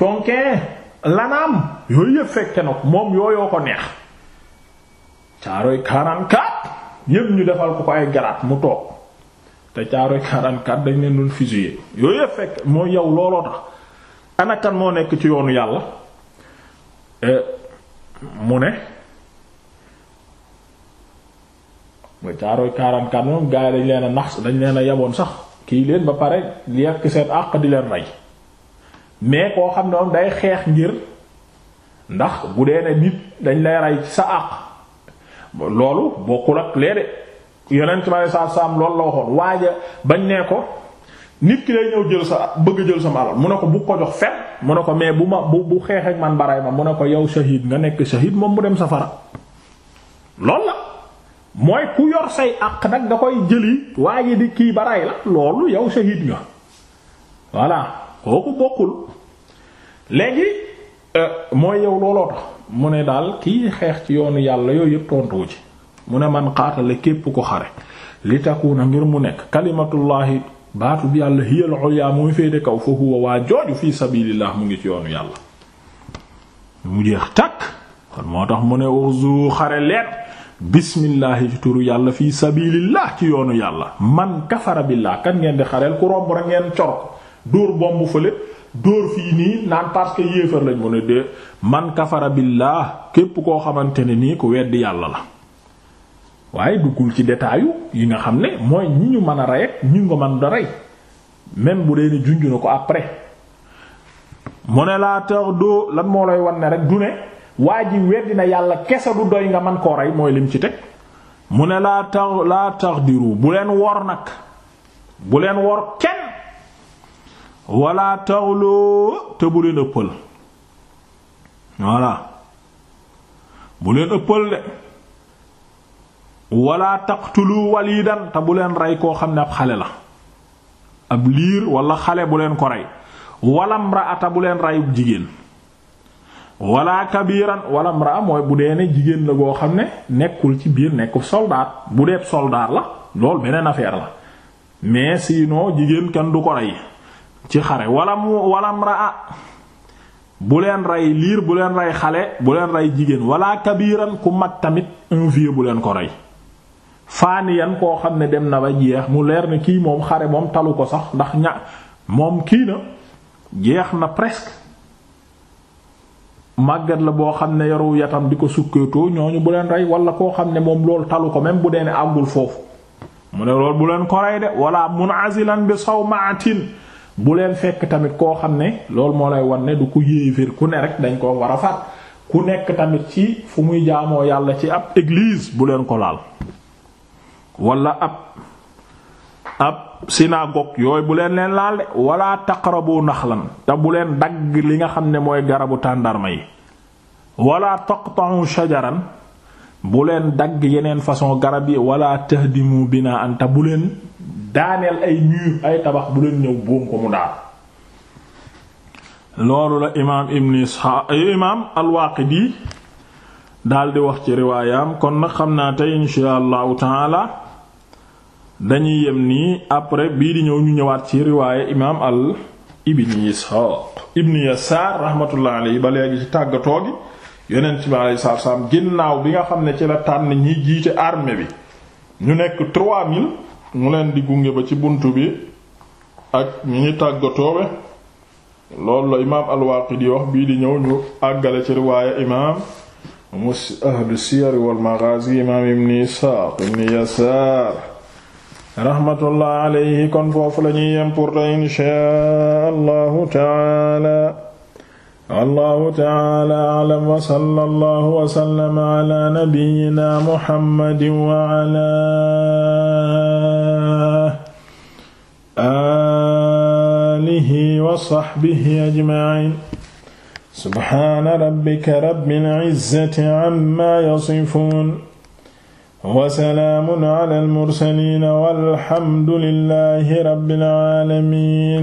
Tonkin Lanam yooyu yëpp fekke na ko moom yooyoo ko neex caaroy 44 yëpp ñu defal ko ko ay garaat mu toog te caaroy 44 dañ leen doon fusillé yooyu yëpp fekk mooy yow looloo tax ana moo nekk ci yoonu yàlla eh, mu ne ba caaroy 44 moom gars yi dañ leen a nax dañ leen a yaboon sax kii leen ba pare yàq seen àq di leen rey mais koo xam ne moom day xeex ngir ndax bu dee ne nit dañ lay rey sa àq loolu bokkul ak lee de yeneen ci ma saa saam loolu la waxoon waaja bañ nee ko nit ki day ñëw jël sa bëgg jël sama alal mu ne ko bu ko jox fen mu ne ko mais bu xeex ak man baray ma mu ne ko yow shahid nga nekk shahid moom mu dem safara loolu la mooy ku say àq nag da koy jëli waaye di kii baray la loolu yow shahid nga voilà kooku bokkul léegi euh, mooy yow looloo tax mu ne daal kii xeex ci yoonu yàlla yooyu yëpp tontuwu ci mu ne man qaatala képp ko xare li takuuna ngir mu nekk kalimatullahi baatu bi yàlla hiyal ulya muy féete kaw fa huwa waa jooju fi sabilillah mu ngi ci yoonu yàlla mu jeex takk kon moo tax mu ne urzu xare leen bismillahi ci turu yàlla fi sabilillah ci yoonu yàlla man kafara billah kan ngeen di xareel ku romb rek ngeen cor ko dóor bomb fële dóor fii nii naan parce que yéefar lañ mu ne de man kafara billah képp koo xamante ne nii ku weddi yàlla la waaye duggul ci detaayu yi nga xam ne mooy ñi ñu mën a rey ak ñu nga man da rey même bu dee ne junj na ko après mu ne laa tax doo lan moo lay wan ne rek du ne waa ji weddi na yàlla kese du doy nga man koo rey mooy lim ci teg mu ne laa tax laa tax diru bu leen wor nag bu leen wor kenn wala taxloo te bu leen ëppal voilà bu leen ëppal de. wala taqtulu walidan te bu leen rey koo xam ne ab xale la ab liir walla xale bu leen ko rey walam raata bu leen reyub jigéen wala kabiran walam raa mooy bu dee jigéen la goo xam ne nekkul ci biir nekku soldaat bu deeb soldaat la lool beneen affaire la mais sinon jigéen kenn du ko rey ci xare walam walam raa liir bu leen rey xale bu leen rey jigéen wala kabiran ku mag tamit un vieux bu leen ko rey yan koo xam ne dem na ba jeex mu leer na kii moom xare moom talu ko sax ndax ña moom kii na jeex na presque màgget la boo xam ne yoru yatam di ko sukkeetoo ñooñu bu leen rey wala koo xam ne moom loolu talu ko même bu dee ne àggul foofu mu ne loolu bu leen ko rey de wala munazilan bi sawmaatin bu leen fekk tamit koo xam ne loolu moo lay wan ne du ku yéeféer ku ne rek dañ koo war a ku nekk tamit ci fu muy jaamoo yàlla ci ab église bu leen ko laal wala ab ab synagogue yooy bu leen leen laal de wala taqrabu naxlan te bu leen dagg li nga xam ne mooy garabu tàndarma yi wala taqta'u shajaran bu leen dagg yeneen façon garab yi wala tahdimu bina'an te bu leen daaneel ay mur ay tabax bu leen ñëw boom ko mu daal loolu la imaam ibn isxaaq imaam alwaaqidi daal di wax ci riwaayaam kon na xam naa tey insha allahu dañuy yem nii après bii di ñëw ñu ñëwaat ci riwaaye imaam al ibn Isxaaq ibn Yasaar rahmatullah alayhi ba léegi ci tàggatoo gi yonent bi alayhi salaatu salaam ginnaaw bi nga xam ne ci la tànn ñiy jiite armée bi ñu nekk 3000 mu leen di gunge ba ci bunt bi ak ñu ngi tàggatoo be loolu la imaam al-Waaqidi wax bii di ñëw ñu àggale ci riwaaye imaam mus ahlu siyar wal maghaazi imaam ibn Isxaaq ibn Yasaar rahmatullah alayhi kon foofu la ñuy yem pour tey inshaa allahu taala allahu taala alam wa sallallahu wa sallama ala nabiyyina muhammadin wa ala alihi wa sahbihi ajma'in subhana rabbika rabbil izzati amma yasifun wasalaamun ala almursaliin walhamdulillahi rabbil aalamiin